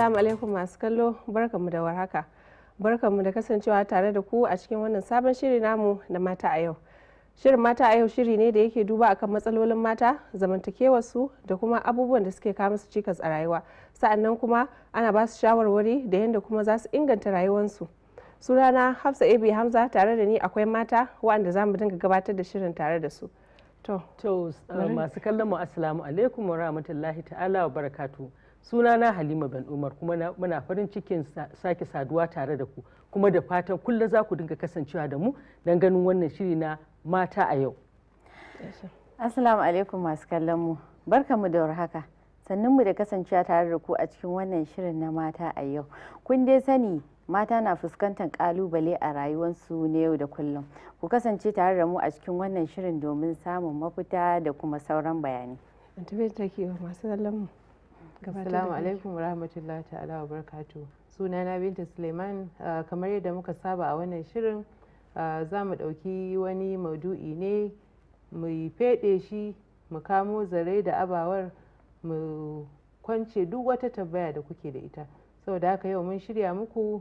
Assalamu alaikum masu kallo mu da warhaka. mu da kasancewa tare da ku a cikin wannan sabon shiri namu na mata a yau. Shirin mata a yau shiri ne da yake duba akan matsalolin mata, su da kuma abubuwan da suke kawo musu cikas a rayuwa. Sa'annan kuma ana basu shawarwari da yadda kuma za su inganta rayuwarsu. Sunana Hafsa Ebi Hamza tare da ni akwai mata waɗanda za mu dinga gabatar da shirin tare da su. To, masu kallon mu assalamu alaikum wa rahmatullahi ta'ala wa barakatu. suna na halima ban umar kuma muna farin cikin sake saduwa tare da ku kuma da fatan kullum za ku dinga kasancewa da mu don ganin wannan shiri na mata a yau assalamu alaikum masu kallon mu mu da warhaka sannan mu da kasancewa tare da ku a cikin wannan shirin na mata a yau kun dai sani mata na fuskantar kalubale a rayuwarsu na yau da kullum ku kasance tare da mu a cikin wannan shirin domin samun mafita da kuma sauran bayani Assalamu alaikum warahmatullahi ta'ala wa barakatuh. na Binta Suleiman uh, kamar yadda muka saba a wannan shirin uh, za mu ɗauki wani maudu'i ne mu feɗe shi mu kamo zare da abawar mu kwance duk wata tambaya da kuke da ita. Saboda haka yau mun shirya muku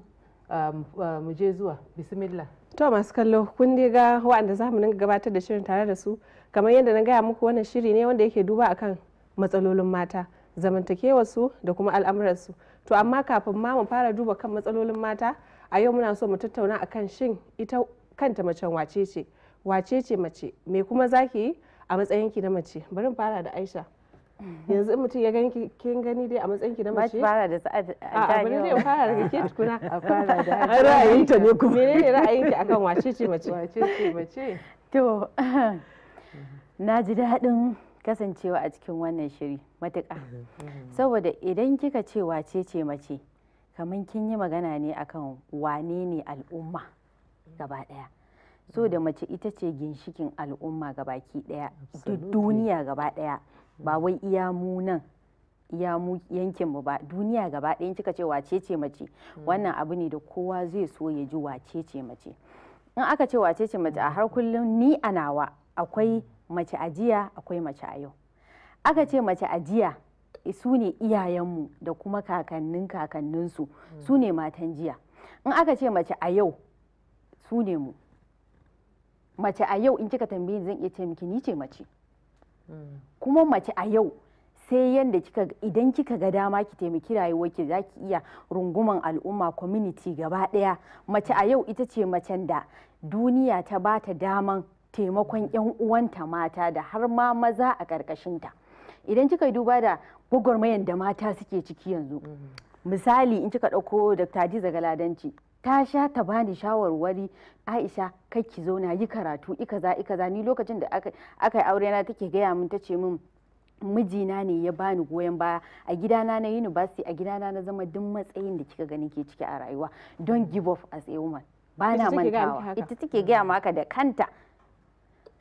uh, mu je zuwa bismillah. To masu kallo kun dai ga waɗanda za mu gabatar da shirin tare da su kamar yadda na gaya muku wannan shiri ne wanda yake duba akan matsalolin mata. zamantakewarsu da kuma al'amuransu to amma kafin ma mu fara duba kan matsalolin mata a yau muna so mu tattauna akan shin ita kanta macen wace ce wace ce mace me kuma zaki yi a matsayinki na mace bari fara da aisha yanzu in mutum ya gani kin gani dai a matsayin ki na mace fara da sa'ad a bari ne fara daga ke tukuna a fara da ra'ayin ta ne kuma menene ra'ayin ki akan wace ce mace wace ce mace to na ji daɗin kasancewa a cikin wannan shiri matuƙa mhm, mhm. saboda idan kika ce wace ce mace kamar kin yi magana ne akan wane ne al'umma gaba ɗaya so da mhm. mace ita ce ginshikin al'umma baki ɗaya duk duniya gaba ɗaya ba wai iya mu nan iya mu yankin mu ba duniya gaba ɗaya kika ce wace ce mace wannan abu ne da kowa zai so ya ji wace ce mace in aka ce wace ce mace a har kullum ni a nawa akwai mace a jiya akwai mace a yau aka ce mace a jiya eh, su ne iyayenmu da kuma kakannin kakanninsu hmm. su ne matan jiya in aka ce mace a yau su ne mu mace a yau in kika tambayi zan iya ce miki ni ce mace hmm. kuma mace a yau sai yadda kika idan kika ga dama ki taimaki rayuwarki za ki iya runguman al'umma community gaba daya mace a yau ita ce macen da duniya ta bata daman taimakon 'yan uwanta mata da har ma maza a ƙarƙashinta idan kika duba da gwagwarmayan da mata suke ciki yanzu misali in kika ɗauko da Hadiza Galadanci ta sha ta bani shawarwari Aisha kai ki zauna yi karatu ika za ni lokacin da aka yi aure na take gaya min tace min mijina ne ya bani goyon baya a gidana na university a gidana na zama duk matsayin da kika gani ke ciki a rayuwa don give up as a woman bana mantawa ita take gaya maka da kanta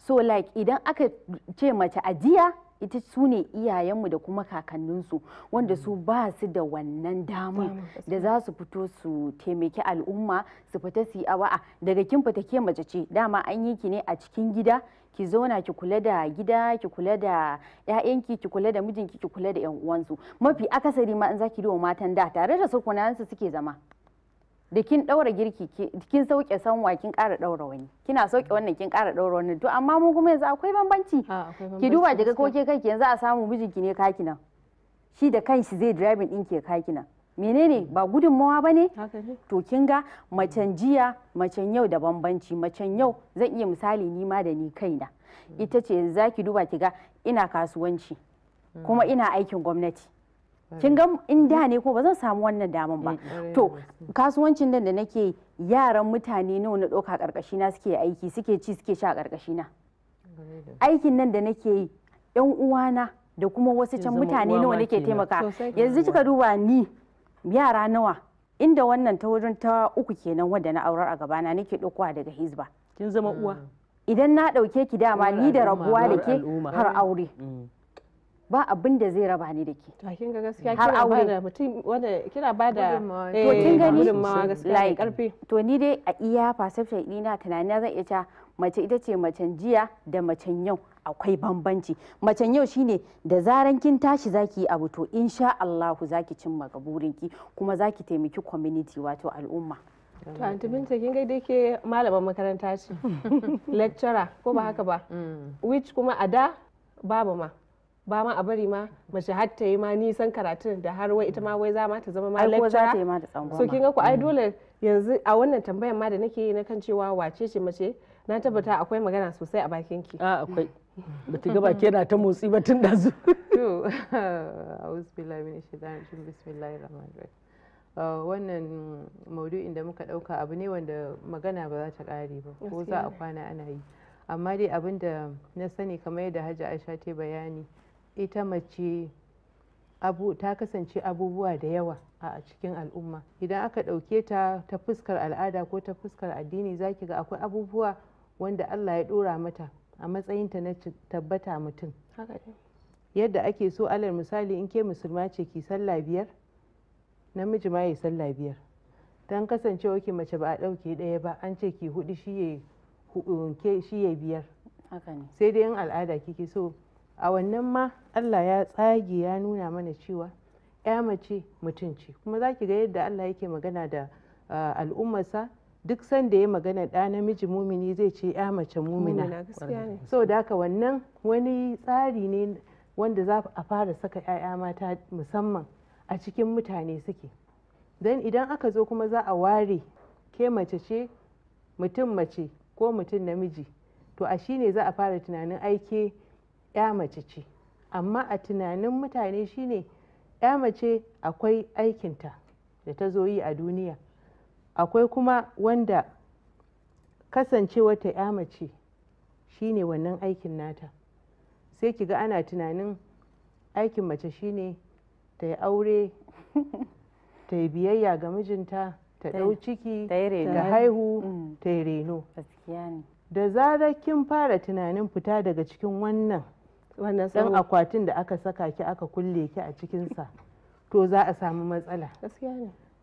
so like idan aka ce mace ajiya ita su ne iyayenmu da kuma kakanninsu wanda su ba su da wannan dama da za su fito su taimaki al'umma su fita su yi awa'a daga kin fita ke mace ce dama an yi ki ne a cikin gida ki zauna ki kula da gida ki kula da 'ya'yanki ki kula da mijinki ki kula da 'yan uwansu mafi akasari ma in za ki matan da tare da su suke zama da kin ɗaura girki kin sauke sanwa kin ƙara ɗaura wani kina sauke wannan kin ƙara ɗaura wani to amma mu kuma yanzu akwai bambanci ki duba daga ko ke kai yanzu a samu mijinki ne kaki nan shi da kanshi zai driving din ke kaki nan menene ba gudunmawa ba ne to kin ga macen jiya macen yau da bambanci macen yau zan iya misali ni ma da ni kaina hmm. ita ce za ki duba ki ga ina kasuwanci hmm. kuma ina aikin gwamnati Eh. kin ga in da mm. ne ko ba zan samu wannan daman ba eh, eh. to kasuwancin nan da nake yaran mutane nawa na ɗauka karkashi na suke aiki suke ci suke sha karkashi na aikin nan da nake yan uwana da kuma wasu can mutane nawa nake taimaka yanzu kika duba ni yara nawa inda wannan ta wurin ta uku kenan wadda na aurar a gabana nake ɗaukowa daga hizba kin zama mm. uwa idan na ɗauke ki dama ni da rabuwa da ke har aure mm. ba abin da zai raba ni da ke kin ga gaskiya kira ba da mutum eh, to kin gani to ni dai a iya perception ina tunani zan iya ta mace ita ce macen jiya da macen yau akwai bambanci macen yau shine da zaran kin tashi zaki abu to insha Allahu zaki cimma burinki kuma zaki taimaki community wato al'umma to anti binta kin ga dai ke malaman makaranta ce lecturer ko ba haka ba mm. which kuma a da babu ma ba ma a bari ma mace har ta yi ma nisan karatun da har wai ita ma wai za ma ta zama ma lecturer so kin ga ku ai mm. dole yanzu a wannan tambayar ma da nake yi na kan cewa wace ce mace na tabbata akwai magana sosai a bakin ki a ah, akwai bata ga baki yana ta motsi ba tun da zu to a'udhu ah, wannan maudu'in da muka dauka abu ne wanda magana ba za ta kare ba ko za a kwana ana yi amma dai abin da na sani kamar yadda hajji aisha ta bayani ita mace ta kasance abubuwa da yawa a cikin al'umma idan aka ɗauke ta ta fuskar al'ada ko ta fuskar addini za ki ga akwai abubuwa wanda Allah ya ɗora mata a matsayinta na tabbata mutum yadda ake so alal misali in ke musulma ce ki sallah biyar namiji ma ya sallah biyar don kasancewa ki mace ba a ɗauke ɗaya ba an ce ki hudu shi ya biyar sai dai in al'ada kike so a wannan ma Allah ya tsage ya nuna mana cewa ya mace mutum ce kuma za ki ga yadda Allah yake magana da al'ummarsa duk sanda ya magana ɗa namiji mumini zai ce ya mace mumina so da haka wannan wani tsari ne wanda za a fara saka 'ya'ya mata musamman a cikin mutane suke don idan aka zo kuma za a ware ke mace ce mutum mace ko mutum namiji to a shi ne za a fara tunanin aike 'ya mace ce amma a tunanin mutane shine 'ya mace akwai aikinta da ta zo yi a duniya akwai kuma wanda kasance wata 'ya mace shine wannan aikin nata sai ki ga ana tunanin aikin mace shine ta yi aure ta yi biyayya ga mijinta ta ɗau ciki ta haihu ta yi reno mm. da zarar kin fara tunanin fita daga cikin wannan ɗan akwatin da aka saka ki aka kulle ki a cikinsa to za a samu matsala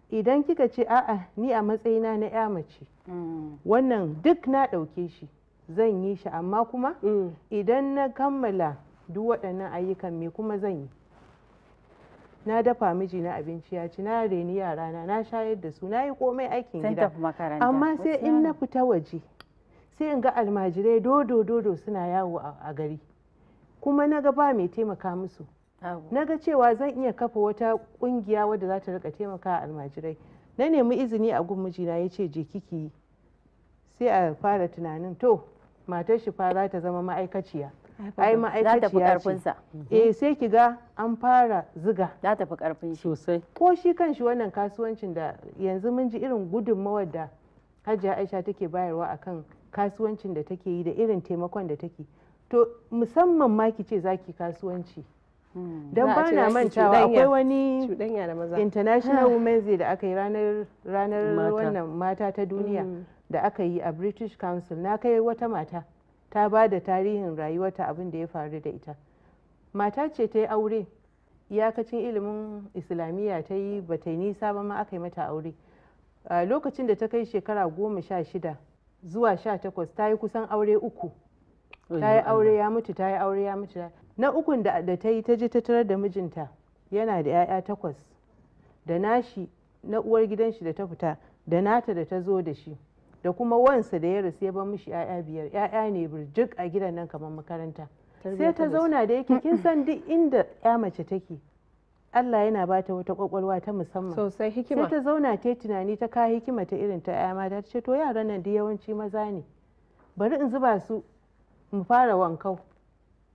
idan kika ce a'a ni a matsayina na ya mace mm. wannan duk na ɗauke shi zan yi shi amma kuma mm. idan na kammala duk waɗannan ayyukan me kuma zan yi na dafa miji na abinci ya ci na reni yarana na shayar da su na yi komai aikin gida amma sai in na fita waje sai in ga almajirai dodo dodo suna yawo a gari kuma na ga ba mai taimaka musu na ga cewa zan iya kafa wata kungiya wadda za ta rika taimaka almajirai na nemi izini a gun mijina ya ce je kiki yi sai a fara tunanin to matar shi fa za ta zama ma'aikaciya ai ma'aikaciya ce eh sai ki ga an fara ziga za ta fi karfin shi sosai ko shi kanshi wannan kasuwancin da yanzu mun ji irin gudunmawar da Hajiya Aisha take bayarwa akan kasuwancin da take yi da irin taimakon da take to musamman ma ki ce zaki kasuwanci hmm. don ba na mantawa akwai wani international women's day da aka yi ranar ranar wannan mata ta duniya hmm. da aka yi a british council na kai wata mata ta ba da tarihin rayuwarta abin da ya faru da ita mata ce ta yi aure iyakacin ilimin islamiyya ta yi ba ta yi nisa ba ma aka yi mata aure lokacin da ta kai shekara goma sha shida zuwa sha takwas ta yi kusan aure uku ta yi aure ya mutu ta yi aure ya mutu na ukun da ta yi ta ji ta tarar da mijinta yana da 'ya'ya takwas da nashi na uwar gidan shi da ta fita da nata da ta zo da shi da kuma wansa da ya rasu ya bar mishi 'ya'ya biyar 'ya'ya ne birjik a gidan nan kamar makaranta sai ta zauna da yake kin san duk inda 'ya mace take Allah yana ba ta wata kwakwalwa ta musamman sosai hikima sai ta zauna ta tunani ta ka hikima ta irin ta 'ya mata ta ce to yaran nan duk yawanci maza ne bari in zuba su mu fara wankau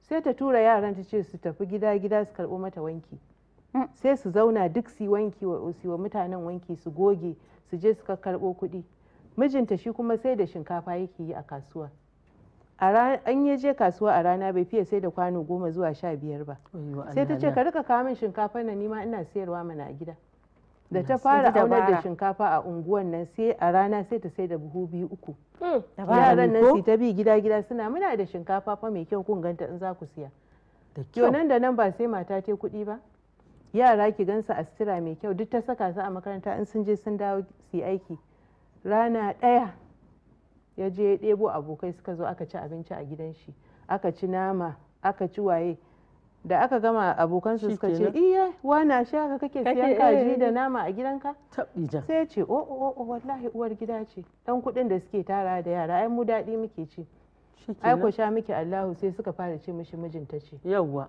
sai ta tura yaran ta ce su tafi gida gida su karɓo mata wanki hmm. sai su zauna duk su wanki wa wa mutanen wanki su goge su je su karɓo kuɗi mijinta shi kuma sai da shinkafa yake yi a kasuwa an yi je kasuwa a rana bai fiye sai da kwano goma zuwa sha biyar ba sai ta ce ka rika kawo min shinkafa na nima ina sayarwa mana a gida da ta fara auna da shinkafa a unguwan nan sai a rana sai ta sai da buhu biyu uku hmm, yaran nan su ta bi gida gida suna muna da shinkafa fa mai kyau kun ganta in za ku siya to nan da nan ba sai mata te kuɗi ba yara ki gansa a sitira mai kyau duk ta saka su a makaranta in sun je sun dawo su aiki rana ɗaya ya je ya ɗebo abokai suka zo aka ci abinci a gidan shi aka ci nama aka ci waye da aka gama abokan su suka ce iya wana shi kake siyan kaji eh, da eh. nama a gidanka sai ya ce o oh, o oh, oh, wallahi uwar gida ce dan kuɗin da suke tara da yara ai mu daɗi muke ci ai ko sha miki Allahu sai suka fara ce mishi mijinta ce yawwa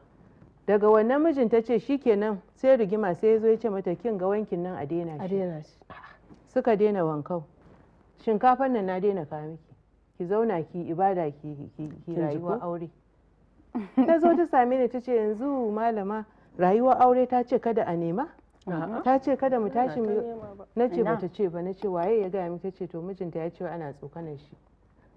daga wannan mijinta ce shi shikenan sai rigima sai ya zo ya ce mata kin ga wankin nan a daina shi suka daina wankau shinkafan nan na daina kayan miki ki zauna ki ibada ki rayuwa aure ta zo ta same ni ta ce yanzu malama rayuwar aure ta ce kada a nema ta ce kada mu tashi na ce bata ce ba na ce waye ya gaya mu ta ce to mijinta ya ce ana tsokanar shi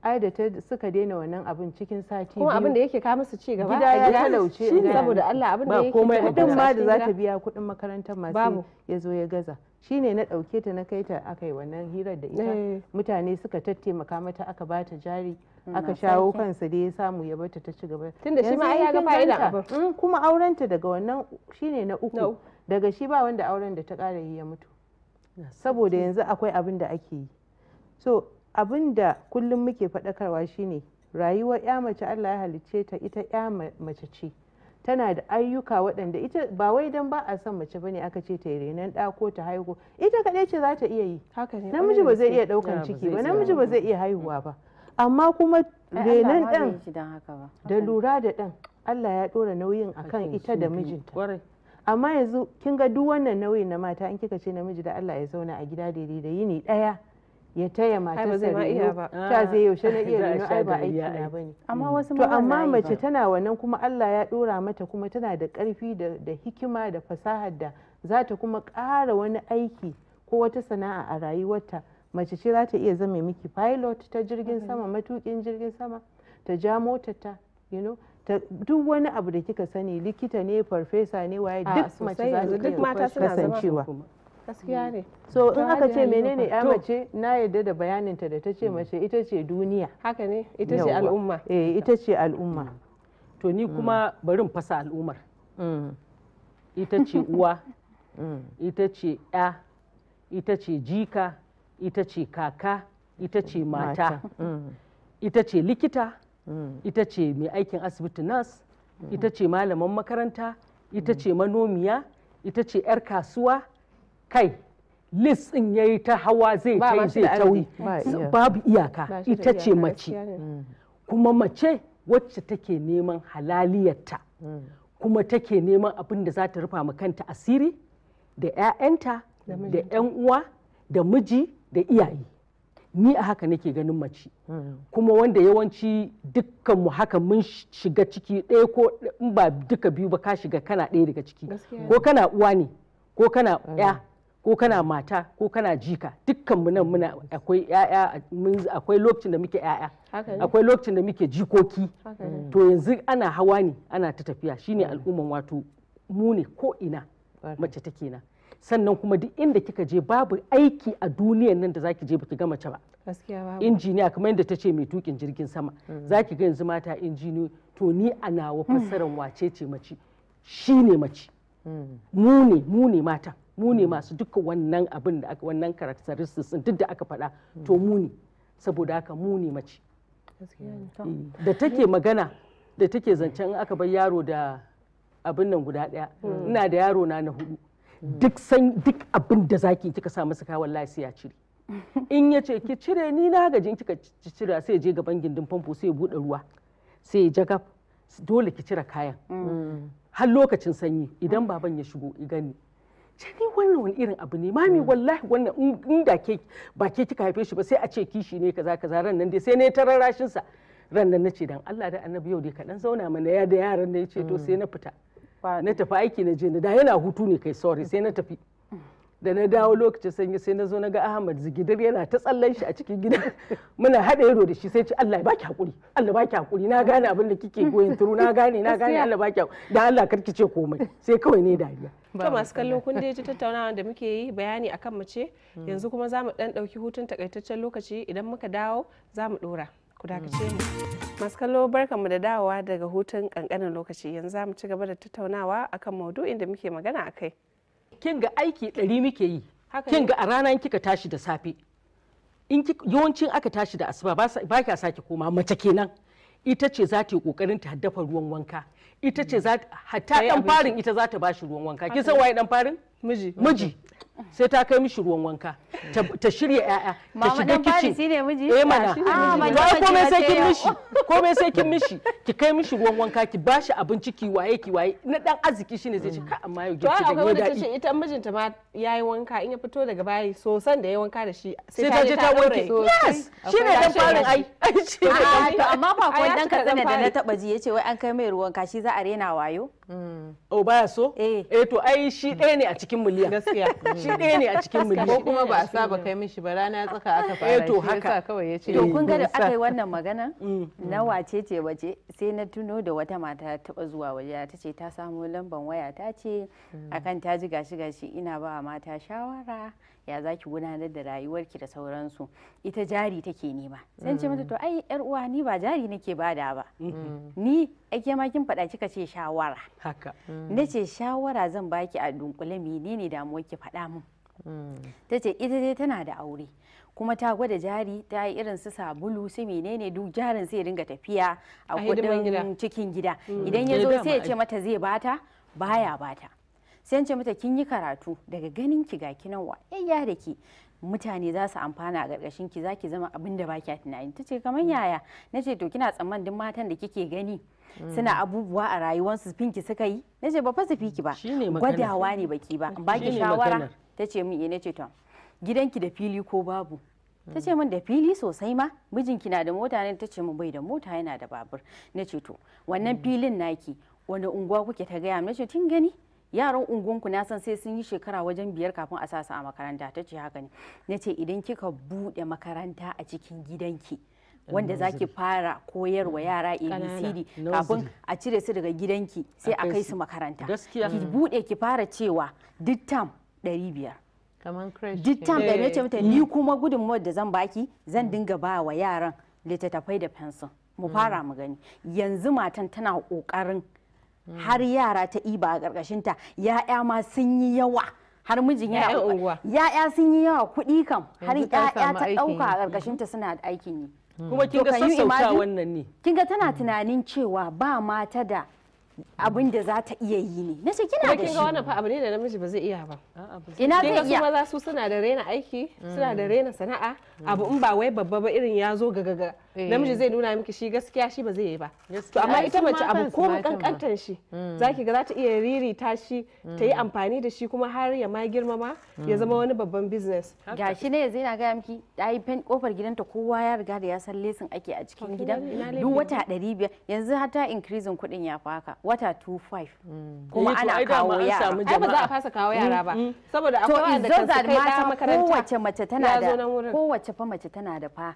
ai da ta suka daina wannan abin cikin sati kuma abin da yake ka musu ci gaba gida ya talauce shi saboda Allah abin da yake komai kudin ma da za ta biya kudin makarantar masu ya zo ya gaza shi ne na dauke ta na kai ta akai wannan hirar da ita eh. mutane suka tattaimaka mata aka ba ta jari mm. aka shawo kansa da ya samu ya bata ta ci gaba tunda shi ma ya ga fa'idan mm. kuma aurenta daga wannan shi ne na uku daga shi ba wanda auren da ta kara yi ya mutu saboda yanzu akwai abin da ake yi so abin da kullum muke faɗakarwa shine rayuwar ya mace Allah ya halicce ta ita ya mace ce tana da ayyuka waɗanda ita ba wai dan ba a son mace bane aka ce ta yi renon ɗa ko ta haihu ita kaɗai ce za ta iya yi namiji ba zai iya ɗaukan ciki ba namiji ba zai iya haihuwa ba amma kuma renon ɗan da lura da ɗan Allah ya ɗora nauyin akan ita da mijinta amma yanzu kin ga duk wannan nauyin na mata an kika ce namiji da Allah ya zauna a gida daidai da yini ɗaya ya taya matarsa reno ta zai yaushe ah, na iya reno ai ba aiki na bane amma wasu to amma mace tana wannan kuma Allah ya dora mata kuma tana da karfi da hikima da fasahar da za ta kuma ƙara wani aiki ko wata sana'a a rayuwarta mace ce za ta iya zama miki pilot ta jirgin sama matukin jirgin sama ta ja motar ta you know duk wani abu da kika sani likita ne farfesa ne waye duk mace za ta iya kasancewa gaskiya mm. ne so in aka ce menene ya mace na yadda da bayaninta da ta ce mm. mace ita ce duniya haka ne ita ce al'umma eh ita ce al'umma mm. to ni kuma barin fasa al'ummar ita ce uwa ita ce ya ita ce jika ita ce kaka ita ce mata ita ce likita ita ce mai aikin asibiti nas ita ce malaman makaranta ita ce manomiya ita ce 'yar kasuwa kai lis ɗin ya yi ta hawa zai kai zai tauni babu iyaka ita ce mace mm. kuma mace wacce take neman halaliyarta mm. kuma take neman abin da za ta rufa ma kanta asiri da 'ya'yanta da 'yan uwa da miji da iyaye ni a haka nake ganin mace mm. kuma wanda yawanci dukkanmu haka mun shiga ciki ɗaya ko in ba duka biyu ba ka shiga kana ɗaya daga ciki ko kana uwa ne ko kana 'ya ko kana mata ko kana jika dukkan mu nan muna akwai yaya akwai lokacin da muke yaya akwai lokacin da muke jikoki to yanzu ana hawa ne ana ta tafiya shine al'umman wato mu ne ko ina mace ta kenan sannan kuma duk inda kika je babu aiki a duniyan nan da zaki je baki gama ba injiniya kamar yadda ta ce mai tukin jirgin sama mm. zaki ga yanzu mata injiniyo to ni a nawa mm. fassaran wace ce mace shine mace mm. mu ne mu ne mata mu ne mm. masu duka wannan abin da aka wannan characteristics duk da aka faɗa to mm. mu ne saboda haka mu ne mace eh, da take magana da take zancen aka bar yaro da abin nan guda ɗaya mm. ina da yaro na na hudu duk san duk abin da zaki kika sa masa lasiya lafiya cire in ya ce ki cire ni na gaji kika cire sai je gaban gindin famfo sai ya bude ruwa sai ya jagab dole ki cire kayan har lokacin sanyi idan baban ya shigo i gani ce ni wannan wani irin abu ne mami hmm. wallahi wannan inda ke ba ke kika haife shi ba sai a ce kishi ne kaza kaza ran nan dai sai ne tararashin sa ran nan nace dan Allah da annabi yau dai ka dan zauna mana ya da yaran da yace to hmm. sai na fita na tafi aiki na je na da yana hutu ne kai sorry hmm. sai na tafi da na dawo lokacin sanyi sai na zo na ga Ahmad Zigidar yana ta tsallan shi a cikin gida muna haɗa yaro da shi sai ce Allah ya baki hakuri Allah baki hakuri na gane abin da kike goyin turu na gane na gane Allah baki hakuri da Allah karki ce komai sai kawai ne dariya to masu kallo kun dai ji tattaunawa da muke yi bayani akan mace hmm. yanzu kuma zamu dan dauki hutun takaitaccen lokaci idan muka dawo zamu dora ku dakace mu hmm. masu kallo barkanmu da dawowa daga hutun kankanin lokaci yanzu zamu ci gaba da tattaunawa akan maudu'in da muke magana akai kin ga aiki ɗari muke yi kin ga a rana in kika tashi da safe in yawancin aka tashi da asuba ba kya sake koma mace kenan ita ce za ta yi kokarin ta dafa ruwan wanka ita ce za ta hatta dan farin ita za ta bashi ruwan wanka kin san waye dan farin miji miji sai ta kai mishi ruwan wanka ta shirya yaya ta shiga kicin eh mana to komai sai kin mishi komai sai kin mishi ki kai mishi ruwan wanka ki bashi abinci ki waye ki waye na dan arziki shine zai ce ka amma yau girki da akwai wanda tace ita mijinta ma yayi wanka in ya fito daga bayi san da yayi wanka da shi sai ta je ta wanke yes shine dan farin ai ai amma ba ko dan katsina da na taba ji yace wai an kai mai ruwan kashi za a rena wayo mm. oh baya so eh. eh to ai shi ɗaya ne a cikin miliyan gaskiya mm. shi ɗaya ne a cikin miliyan ko kuma ba saba kai mishi ba rana tsaka aka eh, fara to haka kawai ya ce eh, to kun ga aka yi wannan magana mm. na wace ce wace sai na tuno da wata mata ta taba zuwa waje ta ce ta samu lamban waya ta ce mm. akan ta ji gashi gashi ina ba mata shawara ya za ki gudanar da rayuwarki da sauransu ita jari take nema sai ce mata to ai yar uwa ni ba jari nake bada ba mm. ni ake ma kin faɗa kika ce shawara haka mm. nace shawara zan baki a dunkule menene damuwar ki faɗa mun mm. tace ita dai tana da aure kuma ta gwada jari ta yi irin su sabulu su menene duk jarin sai ringa tafiya a kudin cikin gida idan ya eh, zo sai ya ce mata zai bata baya bata sai ce mata kin yi karatu daga ganin ki ga kinan wa yayya da ki mutane za su amfana a ƙarƙashin ki zaki zama abin da baki tunani ta ce kamar yaya na ce to kina tsamman duk matan da kike gani suna mm. abubuwa a rayuwarsu finki suka yi na ce ba fa su fiki ba gwadawa ne baki ba baki shawara ta ce min eh, na ce to gidanki da fili ko babu ta ce mm. min da fili sosai ma mijinki na da mota ne ta ce min bai da mota yana da babur na ce to wannan mm. filin naki wani unguwa kuke ta gaya na ce tun gani yaran unguwanku na san sai sun yi shekara wajen biyar kafin a sasa a makaranta ta ce haka ne na ce idan kika bude makaranta a cikin gidanki wanda za ki fara koyarwa yara abcd kafin a cire su daga gidanki sai a kai su makaranta ki bude ki fara cewa duk tam 500 duk tam da ce mata ni kuma gudunmawar da zan baki zan dinga ba wa yaran littattafai da fensin mu fara mu gani yanzu matan tana ƙoƙarin har yara ta iba a ƙarƙashinta ya'ya ma sun yi yawa har mijin ya ya'ya sun yi yawa kuɗi kam har ya'ya ta ɗauka a ƙarƙashinta suna aikin yi hmm. kuma kin ga sassauta wannan ne Kin ga tana tunanin cewa ba mata da abin da za ta iya yi ne na ce kina da shi kin ga wannan fa abu ne da namiji ba zai iya ba ina zai iya kuma za su suna da raina aiki suna da raina sana'a abu in ba wai babba ba irin ya zo gaga Eh. namiji zai nuna miki shi gaskiya shi ba zai yi ba to amma ita mace abu ko kankantan shi hmm. zaki ga za ta iya ririta shi ta yi hmm. amfani da shi kuma har ya ma girmama ya zama hmm. wani babban business gashi ne yanzu yana gaya miki yi fen kofar gidanta kowa ya riga da ya san lesin ake a cikin gidan duk wata 500 yanzu har ta increase kuɗin ya faka wata 25 kuma eh, ana kawo yara ai ba za a fasa kawo yara ba saboda akwai wanda kan kai da makaranta kowace mace tana da kowace fa mace tana da fa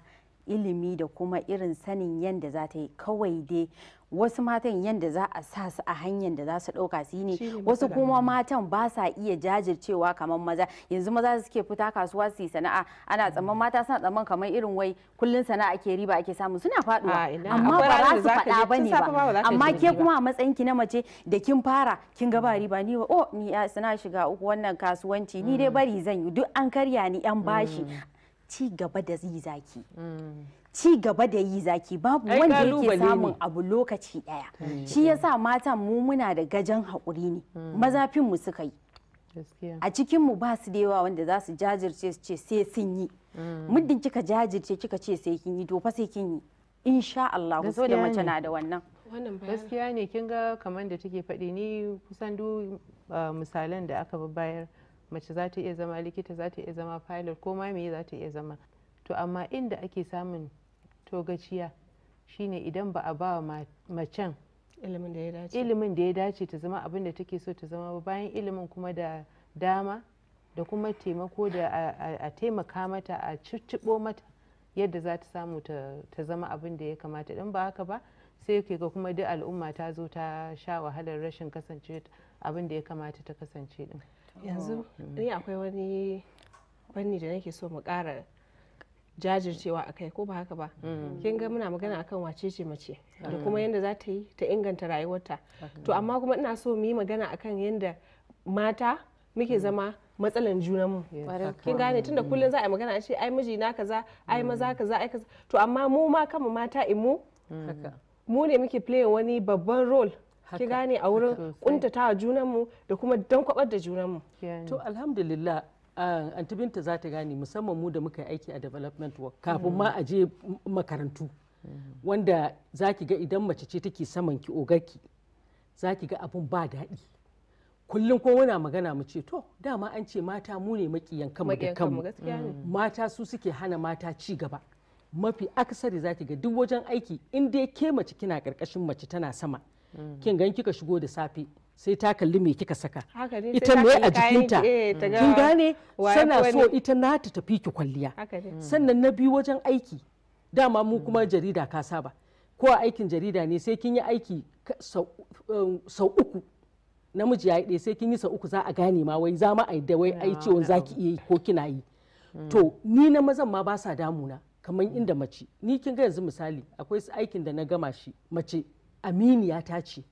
ilimi da kuma irin sanin yadda za ta yi kawai dai wasu matan yadda za a sa su a hanyar da za su ɗauka su ne wasu kuma matan ba sa iya jajircewa kamar maza yanzu maza suke fita kasuwa su yi sana'a ana mm. tsamman mata suna tsamman kamar irin wai kullun sana'a ke riba ake samu suna faduwa amma ba za su faɗa ba ne ba amma ke kuma a matsayin ki na mace da kin fara kin ga ba mm. riba ni oh ni sana shiga uku wannan kasuwanci ni dai mm. bari zan yi duk an karya ni yan bashi ci gaba da yi zaki mm. ci gaba da yi zaki babu wanda yake samun abu lokaci daya mm. mm. shi yasa matan mu muna da gajen haƙuri ne mazafin mu suka yi a cikin mu ba su da yawa wanda za su jajirce su ce sai sun yi muddin kika jajirce kika ce sai kin yi to fa sai kin yi insha Allah ku da mace na da wannan gaskiya ne kin ga kamar da take faɗi ni kusan duk ah, misalan da aka bayar mace za ta iya zama likita za ta iya zama pilot ko ma me za ta iya zama to amma inda ake samun togaciya shine idan ba a ba wa macen ilimin da ya dace ta zama abin da take so ta zama ba bayan ilimin kuma da dama da kuma taimako da a taimaka mata a cicciɓo mata yadda za ta samu ta zama abin da ya kamata in ba haka ba sai ke ga kuma duk al'umma ta zo ta sha wahalar rashin kasance abin da ya kamata ta kasance din yanzu oh, ni akwai wani fanni da nake so mu kara jajircewa a kai ko ba haka ba mm. kin ga muna magana akan wace ce mace da mm. kuma yadda za ta yi ta inganta rayuwarta to amma kuma ina so mu yi magana akan yadda mata muke mm. zama matsalan junanmu kin gane tunda kullum za a yi magana a ce ai miji na kaza ai maza kaza ai kaza to amma mu ma kama mata imu mu ne muke playing wani babban role ki gane a wurin kuntatawa junanmu da kuma dankwabar da junanmu to alhamdulillah anti binta za ta gane musamman mu da muka yi aiki a development work kafin ma a je makarantu wanda za ki ga idan mace ce take saman ki ogarki za ki ga abun ba daɗi kullum ko muna magana mu ce to dama an ce mata mu ne makiyan kanmu da kanmu mm. mata su suke hana mata ci gaba mafi akasari za ki ga duk wajen aiki in dai ke mace kina karkashin mace tana sama Mm-hmm. kin gan kika shigo da safe sai ta kalli me kika saka ita me a jikinta eh, kin gane sana so ita na ta tafi ki kwalliya mm-hmm. sannan na biyu wajen aiki dama mu kuma mm-hmm. jarida ka saba ko a aikin jarida ne sai kin yi aiki um, sau uku namiji ya yi sai kin yi sau uku za a gane ma wai za ma a da wai ai ciwon za ki iya yi ko kina yi mm. to ni na mazan ma ba sa damuna kamar inda mace ni kin ga yanzu misali akwai aikin da na gama shi mace aminiya ta ce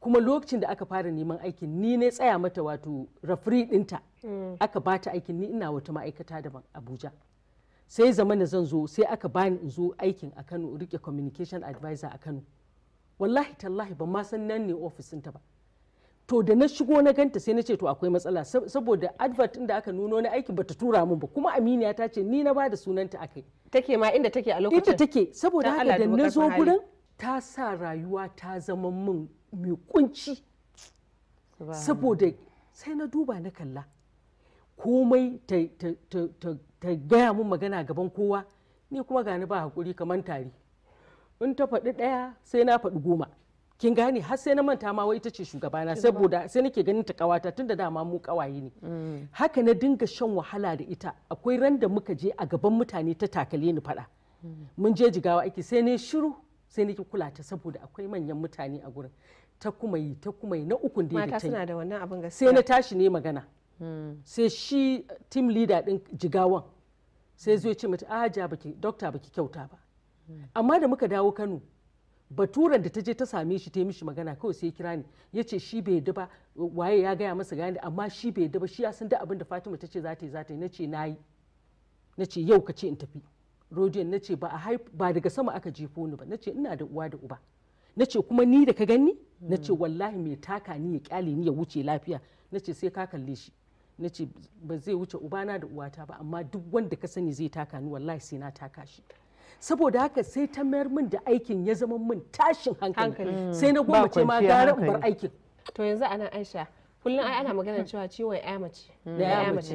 kuma lokacin da aka fara neman aikin ni ne tsaya mata wato rafri dinta hmm. aka aka bata aikin ni ina wata ma'aikata daban abuja sai zamana zan zo sai aka bani in zo aikin a kano rike communication advisor a kano wallahi tallahi ban ma san nan ne ofisin ta ba to da na shigo na ganta sai na ce to akwai matsala saboda advert da aka nuno na aiki bata tura min ba kuma aminiya ta ce ni na bada sunanta akai take ma inda take a lokacin inda take saboda haka da na zo gurin ta sa rayuwa ta zama min mai kunci saboda sai na duba na kalla komai ta gaya mun magana gaban kowa ni kuma gani ba hakuri kamar tari in ta faɗi ɗaya sai na faɗi goma kin gane har sai na manta ma wai ita ce shugabana saboda sai nake ganin ta kawata tunda dama mu kawaye ne mm. haka na dinga shan wahala da ita akwai ran da muka je a gaban mutane ta takale ni faɗa mm. mun je jigawa aiki sai ne shiru sai nake kula ta saboda akwai manyan mutane a gurin ta kuma yi ta kuma yi na ukun da ta suna da wannan abin gaskiya sai na tashi ne magana hmm. sai shi team leader din jigawan sai zai ce mata ah, ja baki doctor baki kyauta ba hmm. amma da muka dawo Kano baturan da ta je ta same shi ta yi mishi magana kawai sai ya kira ni ya ce shi bai yadda ba waye ya gaya masa gani amma shi bai yadda ba shi ya san da abin da Fatima ta ce za ta yi za ta yi na ce na yi na ce yau ka ce in tafi rodiyon na ce ba daga sama aka jefo ni ba na ce ina da uwa da uba na ce kuma ni da ka gani hmm. na ce wallahi mai taka ni ya kyale ni ya wuce lafiya na ce sai ka kalle shi na ce ba zai wuce ubana da uwata ba amma duk wanda ka sani zai taka ni wallahi sai na taka shi saboda haka sai ta mayar min da aikin ya zama min tashin hankali hmm. sai na goma ce ma gara bar aikin to yanzu anan aisha kullum ai ana magana cewa ciwon ya mace hmm. ya mace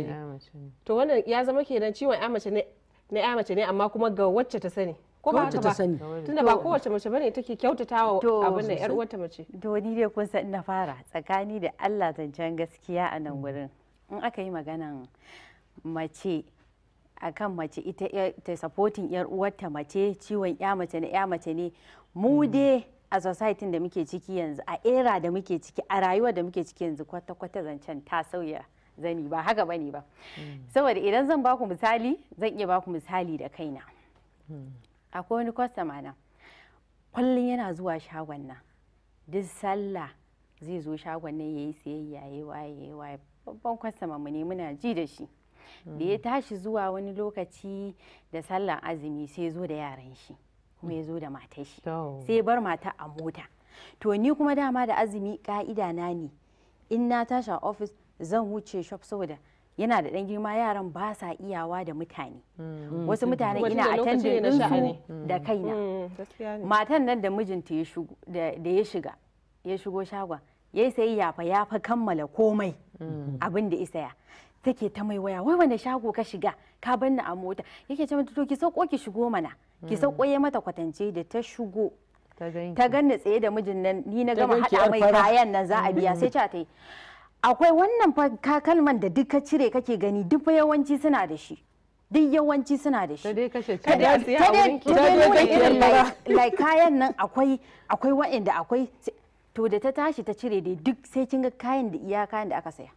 to wannan ya zama kenan ciwon ya mace ne na ya mace ne amma kuma ga wacce ta sani ko ba ta sani tunda ba kowace mace bane take kyautatawa abin da yar uwarta mace to ni dai kun san na fara tsakani da Allah zancen gaskiya a nan wurin in aka yi maganan mace akan mace ita ta supporting yar uwarta mace ciwon ya mace ne ya mace ne mu hmm. dai a society da muke ciki yanzu a era da muke ciki a rayuwa da muke ciki yanzu kwata-kwata zancen ta sauya zani ba haka bane ba hmm. saboda idan zan baku misali zan iya baku misali da kaina hmm. akwai wani kwastama na kullum yana zuwa shagon nan duk sallah zai zo shagon nan yayi sayayya yayi waye yayi waye babban kwastama mu ne muna ji da shi hmm. da ya tashi zuwa wani lokaci da sallan azumi sai zo da yaran shi kuma ya zo da matar shi sai bar mata a mota to ni kuma dama da azumi ka'ida na ne in na tashi a ofis zan wuce shop saboda yana da ɗan girma yaran ba sa iyawa da mutane mm. wasu mutane ina attending su da mm. kaina mm, matan nan da mijinta da ya shiga ya shigo shagon ya sai yafa ya fa kammala komai abin da isaya take ta mai waya wai wanda shago ka shiga ka bar a mota yake ce mata to ki sauko ki shigo mana ki sauko ya mata kwatance da ta shigo ta ganni tsaye da mijin nan ni na gama hada mai kayan nan za a biya sai ce ta yi akwai wannan kakalman da duk ka cire kake gani duk yawanci suna da shi duk yawanci suna da shi ta dai kashe ta nuna irin like kayan nan akwai akwai wa'anda akwai to da ta tashi ta cire dai duk sai kin ga kayan da iya kayan da aka saya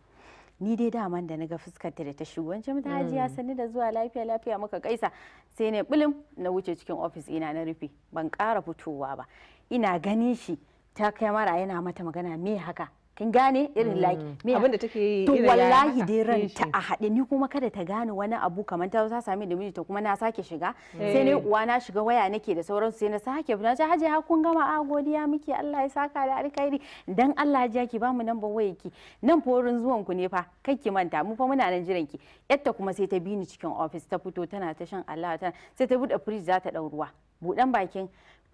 ni dai daman da naga ga ta da ta shigo wancan mata hajiya hmm. sani da zuwa lafiya lafiya muka kaisa sai ne bulim na wuce cikin ofis ina na rufe ban kara fitowa ba ina ganin shi ta kai mara yana mata magana me haka kin gane irin like mm. abin da take yi to wallahi dai ran ta a haɗe ni kuma kada ta gane wani abu kamar ta ta same da ta kuma na sake shiga mm. sai ne eh. uwa na shiga waya nake da sauran sai na sake na ce haje ha kun gama a godiya miki Allah ya saka da alkhairi dan Allah ya ki bamu namban wayar ki nan forin zuwan ku ne fa kai ki manta mu fa muna nan jiran ki yatta kuma sai ta bi ni cikin office ta fito tana ta shan Allah ta sai ta bude fridge za ta dau ruwa budan bakin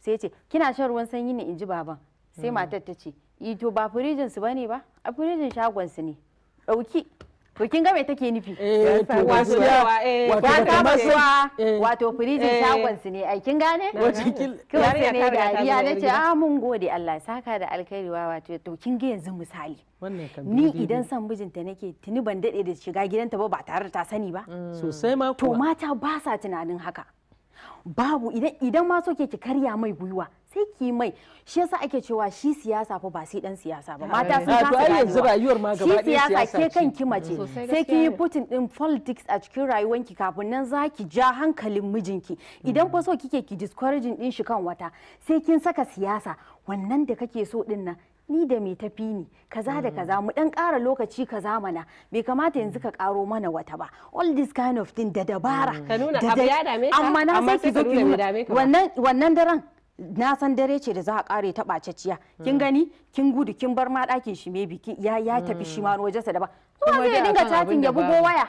sai ce kina shan ruwan sanyi ne inji baban sai mm. matar ta ce to ba firijin su bane ba a firijin shagon su ne dauki to kin ga me take nufi eh, wato eh. wato firijin eh. shagon su ne ai kin gane kawai ne ce a ah, mun gode Allah saka da alkhairi wa wato to kin ga yanzu misali ni idan san mijinta nake tuni ban dade da shiga gidanta ba ba tare da ta sani ba mm. sosai ma to mata ba sa tunanin haka babu idan ma so ke ki karya mai gwiwa sai ki mai shi yasa ake cewa shi siyasa fa ba sai dan siyasa ba mata sun eh, kasa ganewa yanzu rayuwar ma gaba ɗaya siyasa ke kan ki mm. mace sai ki yi putin din politics a cikin rayuwarki kafin nan za ki ja hankalin mijinki idan fa so kike ki discouraging din shi kan wata sai kin saka siyasa wannan da kake so din nan ni da me tafi ni kaza da kaza mu dan ƙara lokaci kaza mana bai kamata yanzu ka ƙaro mana wata ba all this kind of thing da dabara ka nuna abu ya dame ka amma na sai ki zo ki nuna wannan wannan daren na san dare ce da za a kare ta ɓacacciya kin hmm. gani kin gudu kin bar ma ɗakin shi me biki ya ya hmm. tafi shi ma wajensa daban kuma zai dinga chatin ya bugo waya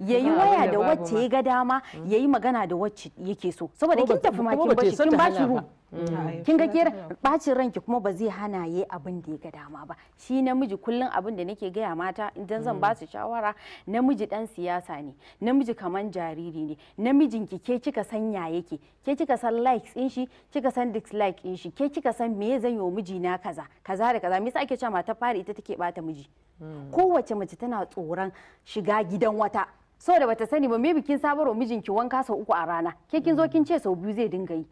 ya yi waya da wacce ya ga dama ya yi magana da wacce yake so saboda kin tafi ma kin bashi kin bashi ruwa Mm. kin ga kira bacin ranki kuma ba zai hana yi abin da ya ga dama ba shi namiji kullum abin da nake gaya mata idan zan mm. ba su shawara namiji dan siyasa ne namiji kaman jariri ne namijin ki ke kika san ya yake ke kika san likes din shi kika san dislike din shi ke kika san me zan yi miji na kaza kaza da kaza me yasa ake cewa mata fari ita take bata miji mm. kowace mace tana tsoron shiga gidan wata saboda bata sani ba me bikin sabarwa mijinki wanka sau uku a rana ke kin zo kin ce sau biyu zai dinga yi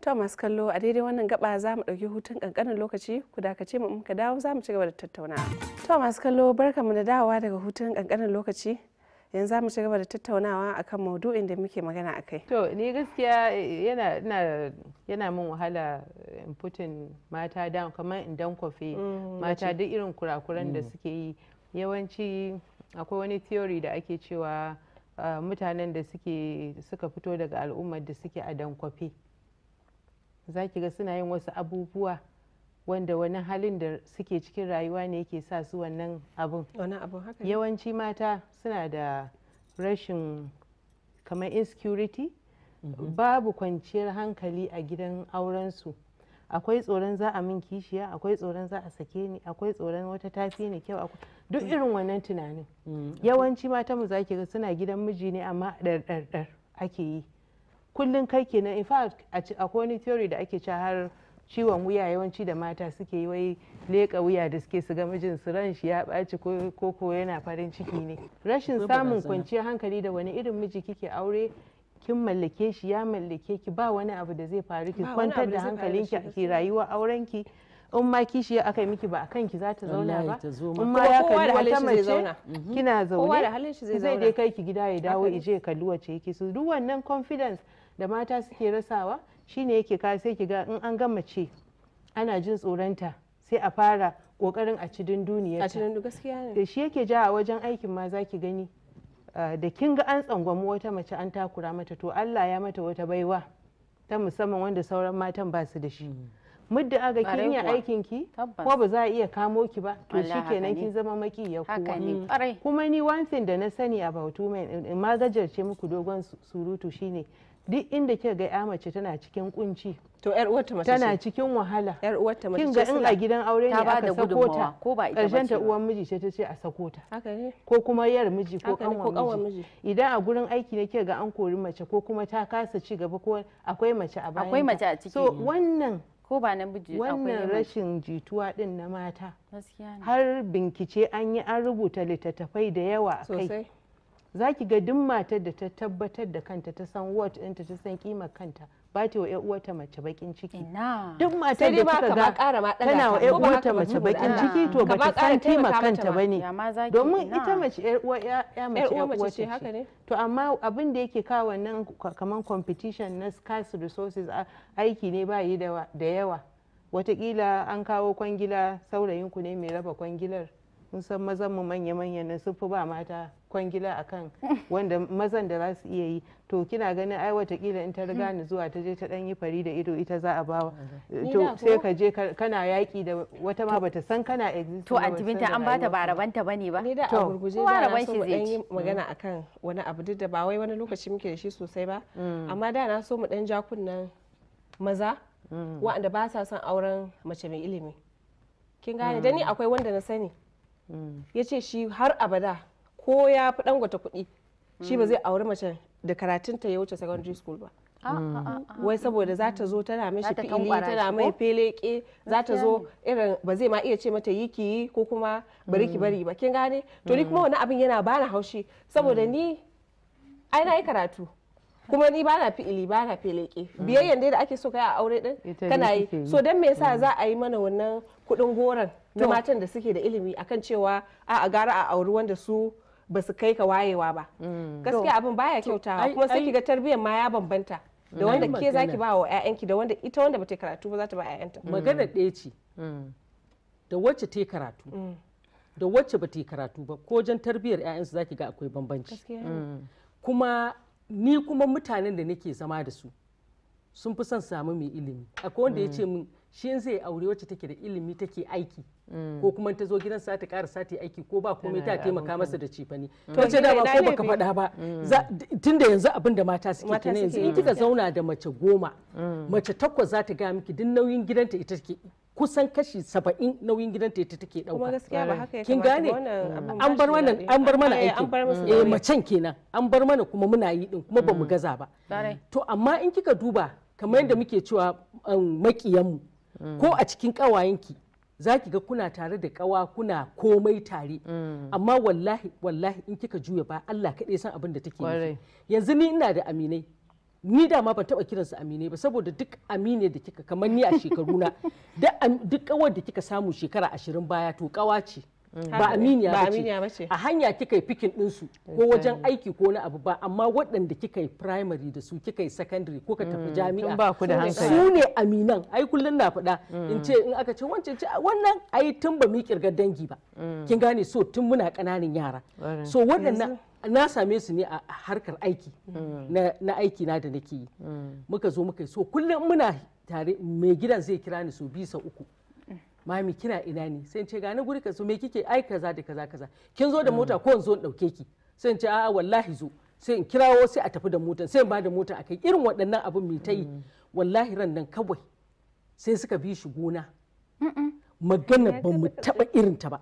To masu kallo a daidai wannan gaba za mu ɗauki hutun ƙanƙanin lokaci ku dakace mu muka dawo za mu ci gaba da tattaunawa. To masu kallo mu da dawowa daga hutun ƙanƙanin lokaci yanzu za mu ci gaba da tattaunawa akan maudu'in da muke magana a kai. To ni gaskiya eh, yana min wahala in putin mata down kamar in dan kwafe mm, mata duk irin kurakuran da mm. suke yi yawanci akwai wani theory da ake cewa ah, mutanen da suke suka fito daga al'ummar da suke a dan kwafe. za ki ga suna yin wasu abubuwa wanda wani halin da suke cikin rayuwa ne yake sa su wannan abun yawanci mata suna da rashin kamar insecurity mm-hmm. babu kwanciyar hankali a gidan aurensu akwai tsoron za a min kishiya akwai tsoron za a sake ni akwai tsoron wata tafi ne. kyau duk mm. irin wannan tunanin mm, yawanci mata mu zaki ga suna gidan miji ne amma ɗarɗarɗar ake yi kullum kai kenan in fact akwai wani theory da ake cewa har ciwon wuya yawanci da mata suke wai leka wuya da suke su ga mijin su ran shi ya ɓaci ko ko yana farin ciki ne rashin samun kwanciyar hankali da wani irin miji kike aure kin mallake shi ya mallake ki ba wani abu da zai faru ki kwantar da hankalinki ki rayuwa aurenki in ma kishi ya aka yi miki ba a kanki za ta zauna ba in ma ya kalli wata mace kina zaune zai dai kai ki gida ya dawo ije ya kalli wace yake su duk wannan confidence da mata suke rasawa shine yake ka sai ki ga in an gama ce ana jin tsoronta sai a fara kokarin a cidin duniyar da shi yake ja a wajen aikin ma ki gani da kin ga an tsangwamu wata mace an takura mata to Allah ya mata wata baiwa ta musamman wanda sauran matan ba su da shi hmm. muddin aga kin aikin ki ko ba za a iya kamo ki ba to kenan kin zama maki ya kowa kuma ni one da na sani a women in ma muku dogon surutu shine duk inda ke ga ya mace tana cikin kunci to yar uwarta mace tana cikin wahala yar uwarta mace kin ga in a gidan aure ne aka sako ta ko ba ita karshen ta uwan miji ce ta ce a sako ta haka ne ko kuma yar miji ko kanwan miji idan a gurin aiki ne ke ga an kori mace ko kuma ta kasa ci gaba ko akwai mace a bayan akwai mace a ciki so wannan ko ba na miji wannan rashin jituwa din na mata har binkice an yi an rubuta littattafai da yawa a kai za ki ga duk matar da ta tabbatar da kanta ta san what ɗinta ta san kimar kanta ba ta wa ƴar uwata mace bakin ciki duk matar da kika ga tana wa ƴar uwata mace bakin ciki to ba ta san kimar kanta ba ne domin ita mace ƴar uwa ce to amma abin da yake kawo nan kamar competition na scarce resources aiki ne ba yi da yawa watakila an kawo kwangila saurayinku ne mai raba kwangilar mun san mazan mu manya-manya ne sun fi ba mata kwangila akan wanda mazan da za su iya yi to kina ganin ai watakila in ta riga ni zuwa ta je ta dan yi fari da ido ita za a bawa to sai ka je kana yaki da wata ma bata san kana exist to antibinta an bata ba ta bane ba ni da a gurguje da na so dan yi mm. magana akan wani abu duk da ba wai wani lokaci muke da shi sosai ba mm. amma da na so mu dan ja kunnan maza mm. waɗanda ba sa son auren mace mai ilimi kin gane da ni akwai wanda na sani ya ce shi har abada ko ya fi dangwata kuɗi shi ba zai auri mace da karatunta ya wuce secondary school ba ah, ah, ah, wai saboda za ta zo tana mai fili tana mai feleke za ta zo irin ba zai ma iya ce mata yi ki yi ko kuma bari ki mm. bari ba kin gane to ni kuma mm. wani abin yana bani haushi saboda mm. ni ai na yi karatu kuma ni ba na fi'ili ba na feleke mm. biyayyan dai da ake so kai a aure din kana yi so dan me yasa mm. za a yi mana wannan kudin goron na matan da suke da ilimi akan cewa a gara a auri wanda su ba su kai ka wayewa ba mm. gaskiya abin baya kyautawa kuma sai kiga tarbiyyar ma ya bambanta da wanda ke zaki ba wa ƴaƴanki da wanda ita wanda bata karatu ba za ta ba ƴaƴanta magana ɗaya ce da wacce ta karatu da wacce ba ta karatu ba ko jan tarbiyyar ƴaƴansu zaki ga akwai bambanci kuma ni kuma mutanen da nake zama da su sun fi son samu mai ilimi akwai wanda ya ce min shi zai aure wacce take da ilimi take aiki mm. ko kuma ta zo gidan sa ta ƙara sati aiki ko ba komai ta taimaka masa da cefani mm. to ce ba ko baka faɗa ba mm. tunda yanzu abin da mata suke kenan yanzu in kika zauna da mace goma mace takwas za ta ga miki duk nauyin gidanta ita take kusan kashi saba'in nauyin gidanta ita take ɗauka kin gane mm. an bar wannan an bar mana aiki eh, eh macen kenan an bar mana kuma muna yi din kuma bamu mm. gaza ba to amma in kika duba kamar yadda mm. muke cewa um, makiyan mu. ko a cikin kawayenki zaki ga kuna tare da kawa kuna komai tare amma wallahi wallahi in kika juya ba Allah kaɗai san abin da take yanzu ni ina da aminai ni da ma ban taba kiransa amine ba saboda duk amine da kika kamar ni a shekaru na duk kawar da kika samu shekara ashirin baya to kawa ce ba aminiya ba ce a hanya kika yi fikin su ko wajen aiki ko na abu ba amma waɗanda kika yi primary da su kika yi secondary ko ka tafi mm, jami'a su ne aminan ai kullum na faɗa mm. in ce in aka ce wancan ce ah, wannan ai tun ba mi kirgar dangi ba mm. kin gane so tun muna ƙananan yara so waɗannan na same su ne a harkar aiki na aiki na da nake yi muka zo muka yi so kullum muna tare mai gidan zai kira ni so biyu sau uku mami kina ina ne sai ce gani guri ka so me kike ai kaza da kaza kaza kin zo da mota ko in zo in dauke ki sai ce a'a wallahi zo sai in kirawo sai a tafi da mota sai in ba da mota akai irin waɗannan abin mai ta yi wallahi ran nan kawai sai suka bi shi gona magana ba mu taɓa irin ta ba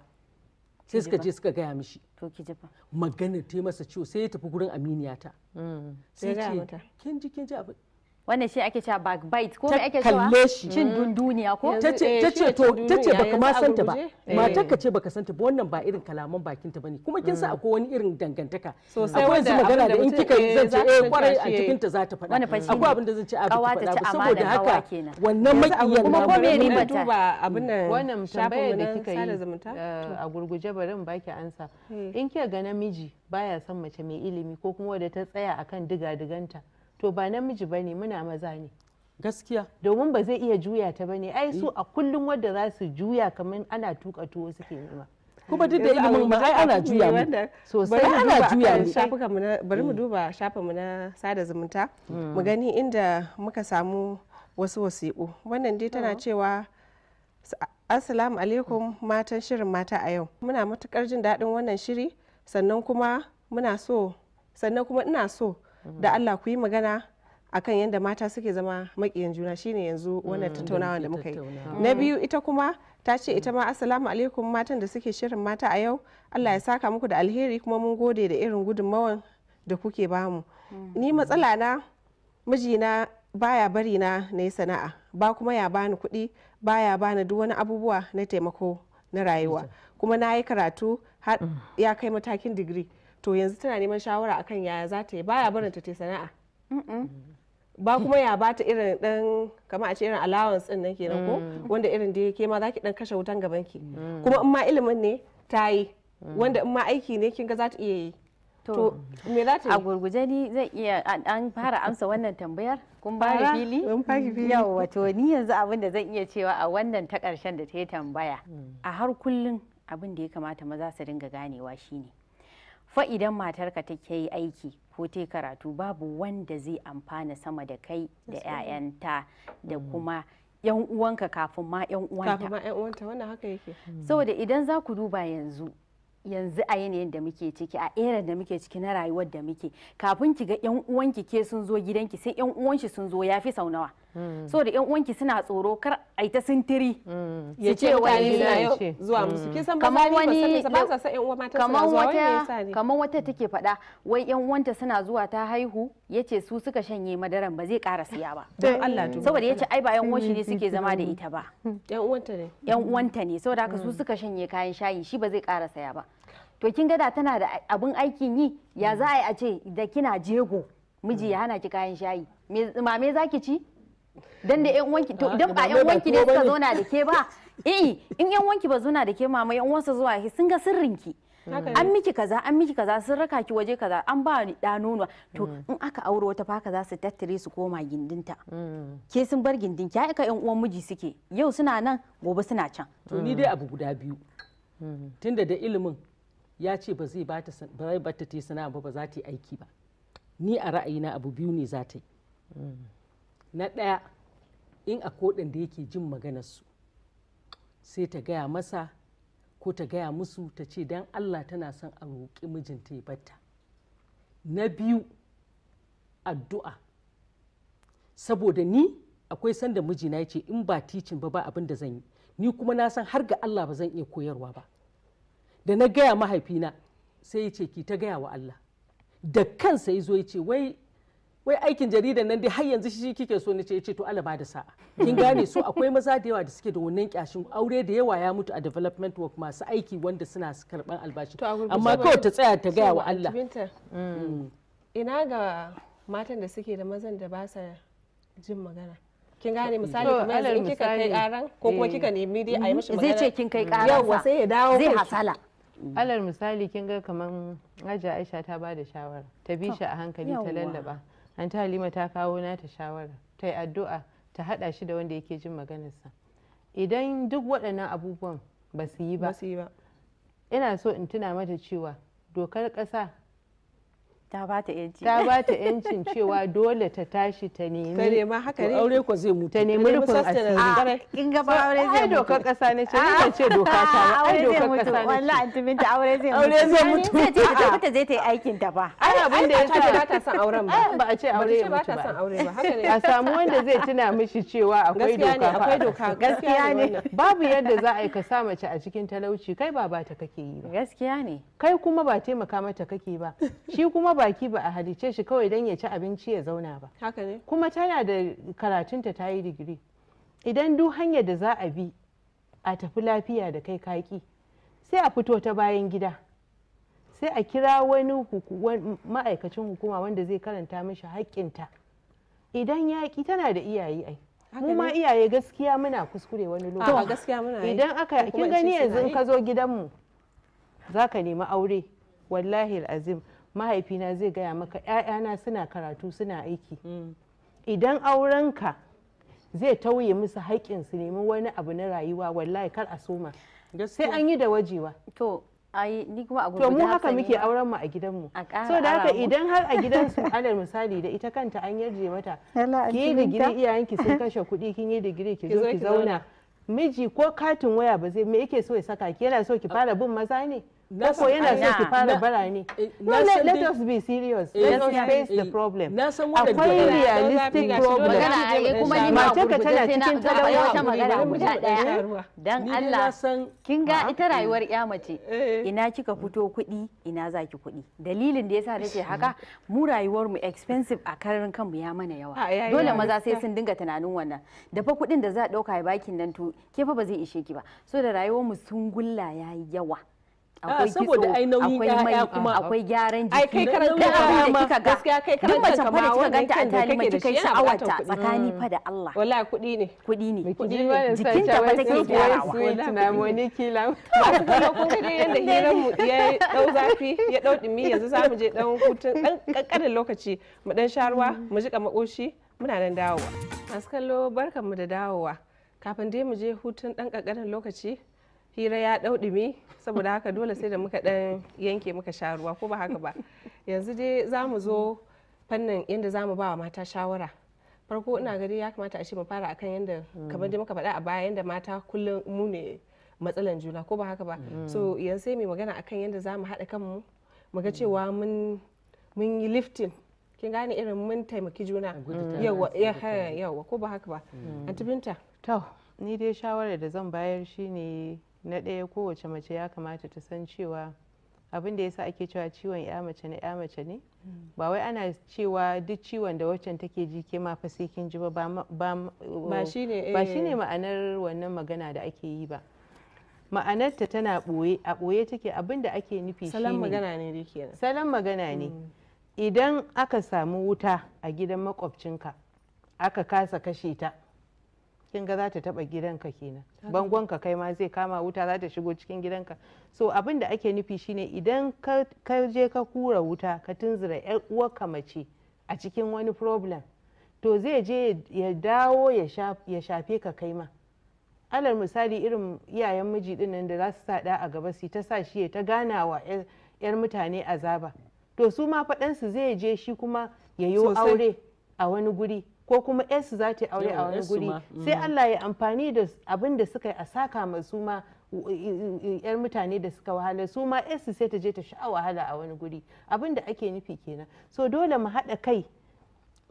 sai suka je suka gaya mishi maganin ki magana ta masa ciwo sai ya tafi gurin aminiyata mm. sai ce kin ji kin ji wannan shi ake cewa bite ko me ake cewa kalle shi cin mm. dunduniya ko ta ce eh, to tace baka ma santa ba eh. matar ka ce baka santa ba wannan ba irin kalaman bakin ta bane kuma kin sa mm. akwai wani irin dangantaka akwai wanda magana da in kika eh, zan ce eh kwarai a cikin ta za ta faɗa akwai abin da zan ce ah, a faɗa ba saboda haka wannan makiyan kuma ko me riba ta mm. wannan tambayar da kika yi a gurguje bari in baki ansa in kika ga namiji baya son mace mai ilimi ko kuma wadda ta tsaya akan diga-diganta to ba namiji bane muna maza ne gaskiya domin ba zai iya juya ta bane ai su eh. a kullum wadda za su juya kamar ana tuka tuwo suke nema kuma duk da ilimin ma ai ana juya mu sosai ana juya eh, mu shafukan mu bari mu mm. duba shafin mu na sada zumunta mm. mu gani inda muka samu wasu wasiƙu wannan dai tana mm. cewa assalamu alaikum matan shirin mata a yau muna matukar jin daɗin wannan shiri sannan kuma muna so sannan kuma ina so da Allah ku yi magana akan yadda mata suke zama makiyan juna shine yanzu wannan mm, tattaunawa da muka yi na mm. biyu ita kuma ta ce ita ma assalamu alaikum matan da suke shirin mata a yau Allah ya saka muku da alheri kuma mun gode da irin gudunmawan da kuke bamu mm. ni matsala na mijina baya bari na na yi sana'a ba kuma ya bani kuɗi baya bani duk wani abubuwa na taimako na rayuwa kuma na yi karatu har ya kai matakin digiri to yanzu tana neman shawara akan yaya za ta yi baya barin ta sana'a ba kuma ya bata irin dan kamar a ce irin allowance din nake kenan ko mm. wanda irin da ke ma zaki dan kashe wutan gaban ki mm. kuma in ma ilimin ne ta yi mm. wanda in ma aiki ne kin ga za ta iya yi to me za ta yi a gurguje ni zan iya an fara amsa wannan tambayar kun ba da fili yau wato ni yanzu abin da zan iya cewa a wannan ta karshen da ta yi tambaya a har kullun abin da ya kamata maza su dinga ganewa shine fa idan matarka take yi aiki ko te karatu babu wanda zai amfana sama da kai da 'ya'yanta da mm. kuma yan uwanka kafin ma yan uwanta kafin haka yake mm. saboda idan za ku duba yanzu yanzu a yanayin da muke ciki a eran da muke ciki na rayuwar da muke kafin ki ga yan uwanki ke sun zo gidanki sai yan uwanshi sun zo yafi sau nawa Mm. so da yan uwanki suna tsoro kar a yi ta sintiri mm. ya ce wani zuwa mm. musu kin san kamar wani ba sa yan uwa mata kamar wata kamar wata take faɗa wai yan uwanta suna zuwa ta haihu yace su suka shanye madaran ba zai ƙara siya ba don Allah saboda yace ai ba yan uwan shi ne suke zama da ita ba yan uwanta ne yan uwanta ne saboda haka su suka shanye kayan shayi shi ba zai ƙara saya ba to kin gada tana da abin aikin yi ya za a yi a ce da kina jego miji ya hana ki kayan shayi me zaki ci dan da yan wanki to ah, idan ba yan wanki ne suka zauna da ke ba eh in yan wanki ba zauna da ke mama yan uwansa zuwa ki sun ga sirrin ki an miki kaza an miki kaza sun raka ki waje kaza an ba ni da nono to mm. in aka aure wata faka za su tattare su koma gindinta mm. ke sun bar gindin ki ka yan uwan miji suke yau suna nan gobe suna can to ni dai mm. abu guda biyu tunda da ilimin ya ce ba zai bata ta sana'a ba ba za ta yi aiki ba ni a ra'ayina abu biyu ne za ta yi na ɗaya in a koɗin da yake jin maganarsu sai ta gaya masa ko ta gaya musu ta ce don allah tana son a roƙi mijinta ya bata na biyu addu'a saboda ni akwai sanda mijina ya ce in ba ticin ba ba abin da zan yi ni kuma na san har ga allah ba zan iya koyarwa ba da na gaya mahaifina sai ya ce ki ta gaya wa allah da kansa ya zo ya ce wai wai aikin jaridan nan dai har yanzu shi kike so ce yace to Allah ba da sa'a kin gane so akwai maza da yawa da suke da wannan kyashin aure da yawa ya mutu a development work masu aiki wanda suna karban albashi amma kawai ta tsaya ta gaya wa Allah mm. Mm. ina ga matan da suke da mazan da ba sa jin magana kin gane misali kamar yanzu in kika kai karan ko kuma eh. kika nemi dai a yi mishi mm-hmm. magana zai ce kin kai karan mm. yawa sai ya dawo zai hasala alal misali kin ga kaman Hajiya Aisha ta ba da shawara ta bi shi a hankali ta lallaba an ta halima ta kawo nata shawara ta yi addu'a ta haɗa shi da wanda yake jin maganarsa idan duk waɗannan abubuwan ba su yi ba ina so in tuna mata cewa dokar ƙasa ta ba ta yanci ta ba ta yancin cewa dole ta tashi ta nemi ta nema haka ne aure ko zai mutu ta nemi rufin asiri kin ga aure zai mutu ai dokar kasa ne ce ni ce doka ta ba ai dokar kasa wallahi antimin ta aure zai mutu aure zai mutu sai ta tafi ta ta yi aikin ta ba ai abin da yasa ba ta san auren ba ba a ce aure ya mutu ba aure ba haka ne a samu wanda zai tuna mishi cewa akwai doka akwai doka gaskiya ne babu yadda za a yi ka sa mace a cikin talauci kai ba ba ta kake yi ba gaskiya ne kai kuma ba taimaka mata kake ba shi kuma baki ba a halice shi kawai don ya ci abinci ya zauna ba kuma tana da karatunta ta yi digiri idan duk hanyar da za a bi a tafi lafiya da kai kaki sai a fito ta bayan gida sai a kira wani ma'aikacin hukuma wanda zai karanta mishi haƙƙinta idan yaƙi tana da iyaye ai mu ma iyaye gaskiya muna kuskure wani lokaci idan aka kin gani yanzu in ka zo gidanmu za ka nemi aure wallahi azim mahaifina zai gaya maka 'ya'yana suna karatu suna aiki mm. idan aurenka zai tauye musu haƙƙin su nemi wani abu na rayuwa wallahi kar a soma sai an yi da wajewa to to mu haka muke auren mu a gidanmu so da haka idan har a gidansu alal misali da ita kanta an yarje mata ki yi digiri iyayenki sun kashe kuɗi kin yi digiri ki zo ki zauna miji ko katin waya ba zai me yake so ya saka ki yana so ki fara bin maza ne Koko yana so ki fara bara eh, No, let, let us be serious. Eh, let us face the eh, problem. Akwai realistic problem. Mace ka tana cikin talawa ta magana guda daya. Dan Allah. Kin ga ita rayuwar ya mace. Ina kika fito kuɗi, ina za ki kuɗi. Dalilin da yasa nake haka, mu rayuwar mu expensive a karin kanmu ya mana yawa. Dole maza sai sun dinga tunanin wannan. Da fa kuɗin da za a ɗauka ya bakin nan to ke fa ba zai ishe ki ba. So da rayuwar mu sun gulla yayi yawa. akwai ah, saboda ai nauyin ya'ya kuma ah, akwai gyaran jiki ai kai karan da ma gaskiya kai karanta karan mace fa da kika ganta a tari mace kai sha'awarta tsakani mm. fa da Allah wallahi kuɗi ne kuɗi ne kuɗi ne jikin ta ba take gyarawa wallahi na moni kila masu kallo kun ga yanda hiran mu ya dau zafi ya dau dumi yanzu zamu je dan hutun dan kankanin lokaci mu dan sharuwa mu jika makoshi muna nan dawowa masu kallo barkanmu da dawowa kafin dai mu je hutun dan kankanin lokaci hira ya ɗau ɗumi saboda haka dole sai da muka ɗan yanke muka sha ruwa ko ba haka ba yanzu dai za mu zo fannin yadda za mu ba wa mata shawara farko ina gani ya kamata a ce mu fara akan yadda mm. kamar dai muka faɗa a baya yadda mata kullum mu ne matsalan juna ko ba haka ba mm. so yanzu sai mai magana akan yadda za mu haɗa kanmu mu ga cewa mun yi lifting kin gane irin mun taimaki juna yawa yawa ko ba haka ba mm. antibinta to ni dai shawarar da zan bayar shine na ɗaya kowace mace ya kamata ta san cewa abin da yasa ake cewa ciwon ya mace na ya mace ne mm. ba wai ana cewa duk ciwon da waccan take ji ke ma fa sai kin ji ba ba eh. shine ma'anar wannan magana da ake yi ba ma'anarta tana ɓoye a ɓoye take abin da ake nufi salon magana ne kenan salon magana ne mm. idan aka samu wuta a gidan makwabcinka aka kasa kashe ta kin ga za ta taba gidanka kenan bangon ka kai ma zai kama wuta za ta shigo cikin gidanka so abin da ake nufi shine idan ka je ka kura wuta ka tunzura yar uwarka mace a cikin wani problem to zai je ya dawo ya shafe ka kai ma alal misali irin iyayen miji din nan da za su sada a gaba su ta sa shi ta gana wa yar mutane azaba to su ma faɗansu zai je shi kuma ya yi aure a wani guri ko kuma yarsu za ta aure a wani guri mm. sai Allah ya amfani da abin da suka yi a saka su ma yar mutane da suka wahala su ma sai ta je ta sha wahala a wani guri abin da ake nufi kenan so dole mu haɗa kai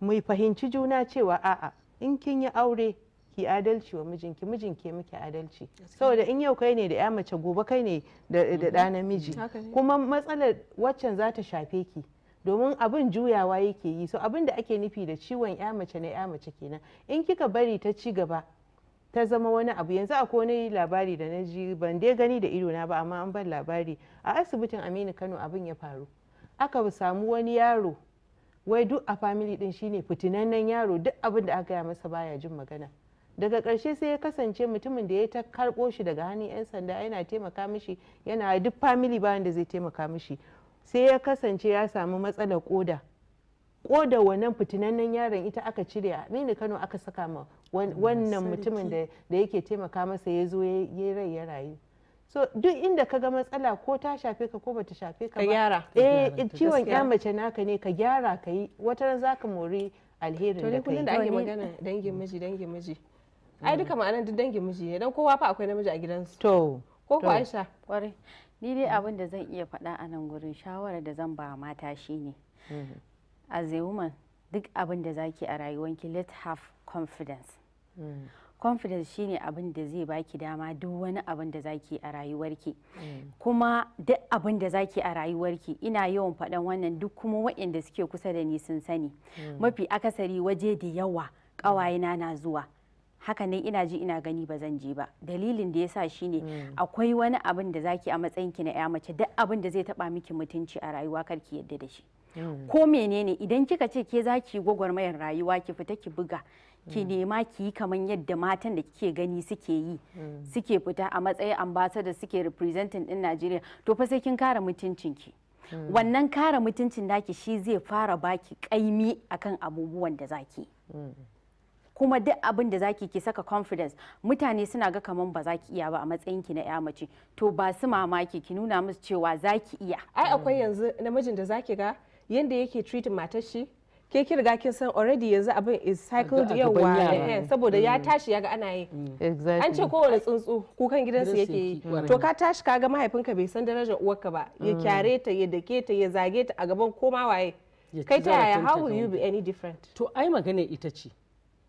mu fahimci juna cewa a'a in kin yi aure ki adalci wa mijinki mijinki muke adalci saboda in yau kai ne da ya mace gobe kai ne da mm-hmm. ɗa namiji kuma matsalar waccan za ta shafe ki domin abin juyawa yake yi so abin da ake nufi da ciwon ya mace na ya mace kenan in kika bari ta ci gaba ta zama wani abu yanzu akwai wani labari da na ji ban dai gani da ido na ba amma an ban labari a asibitin aminu kano abin ya faru aka samu wani yaro wai duk a family din shine fitinannen yaro duk abin da aka masa baya jin magana daga karshe sai ya kasance mutumin da ya ta karɓo shi daga hannun 'yan sanda yana taimaka mishi yana duk family bayan da zai taimaka mishi sai ya kasance ya samu matsalar koda koda wannan fitinannen yaron ita aka cire a mini kano aka saka ma wannan mutumin da yake taimaka masa ya zo ya rai ya rayu so duk inda ka ga matsala ko ta shafe ka ko bata shafe ka ba gyara eh ciwon ya mace naka ne ka gyara ka yi wata ran zaka mori alherin da kai to da ake magana dangin miji dangin miji ai mm. duka ma'anar duk dangin miji ne dan kowa fa akwai namiji a gidansu to ko ko Aisha kwarai ni dai mm. abin da zan iya faɗa a nan gurin shawarar da zan ba mata shine mm-hmm. as a woman duk abin da zaki a rayuwanki let have confidence mm. confidence shine abin da zai baki dama duk wani abin da zaki a rayuwarki mm. kuma duk abin da zaki a rayuwarki ina yawan faɗan wannan duk kuma waɗanda suke kusa da ni sun sani mafi akasari waje da yawa ƙawayena na zuwa haka ne ina ji ina gani ba zan je ba dalilin da yasa shine mm. akwai wani abin da zaki a matsayin ki na ya mace duk abin da zai taba miki mutunci a rayuwa karki yadda da shi mm. ko menene idan kika ce ke zaki gwagwarmayar rayuwa ki fita ki buga ki mm. nema ki yi kamar yadda matan da kike gani suke yi suke fita a matsayin ambassador suke representing din Najeriya to fa sai kin kare mutuncin ki wannan kare mutuncin daki shi zai fara baki kaimi akan abubuwan da zaki kuma duk abin da zaki ki saka confidence mutane suna ga kamar ba zaki iya ba a matsayin ki na ya mace to ba su mamaki ki nuna musu cewa zaki iya ai akwai yanzu namijin da zaki ga yanda yake treat matar shi ke ki riga kin san already yanzu abin is cycled yawa eh, eh, saboda ya mm. tashi ya ga ana yi mm. an ce kowane tsuntsu kukan gidansu yake yi to ka tashi ka ga mahaifinka bai san darajar uwarka ba ya mm. kyare ta ya dake ta ya zage ta a gaban koma waye kai ta yaya how will you be any different to ai magana ita ce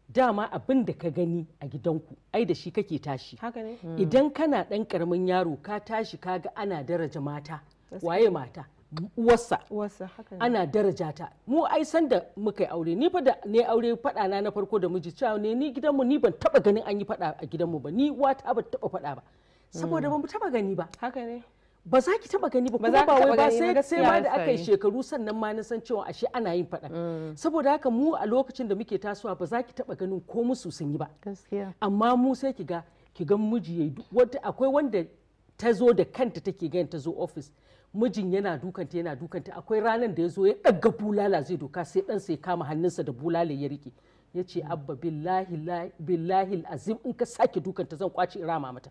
dama abin da ka gani a gidanku ai da shi kake tashi hmm. idan kana ɗan karamin yaro ka tashi kaga ana daraja mata waye mata uwarsa ana daraja ta mu ai san da muka yi aure ni fa da ne aure fada na na farko da miji cewa ne ni gidanmu ni ban taba ganin an yi fada a gidanmu ba ni wata ban taba fada ba hmm. saboda ban taba gani ba haka ne ba za ki taba gani ba kuma ba wai ba sai sai ma da aka yi shekaru sannan ma na san cewa ashe ana yin faɗa mm. saboda haka mu a lokacin da muke tasowa ba za ki taba ganin ko musu sun yi ba amma mu sai ki ga ki ga miji yayi wanda akwai wanda ta zo da kanta take ganin ta zo office mijin yana dukanta yana dukanta akwai ranar da ya zo ya ɗaga bulala zai doka sai ɗan sai kama hannunsa da bulala ya rike ya ce abba billahi azim in ka sake dukanta zan kwace rama mata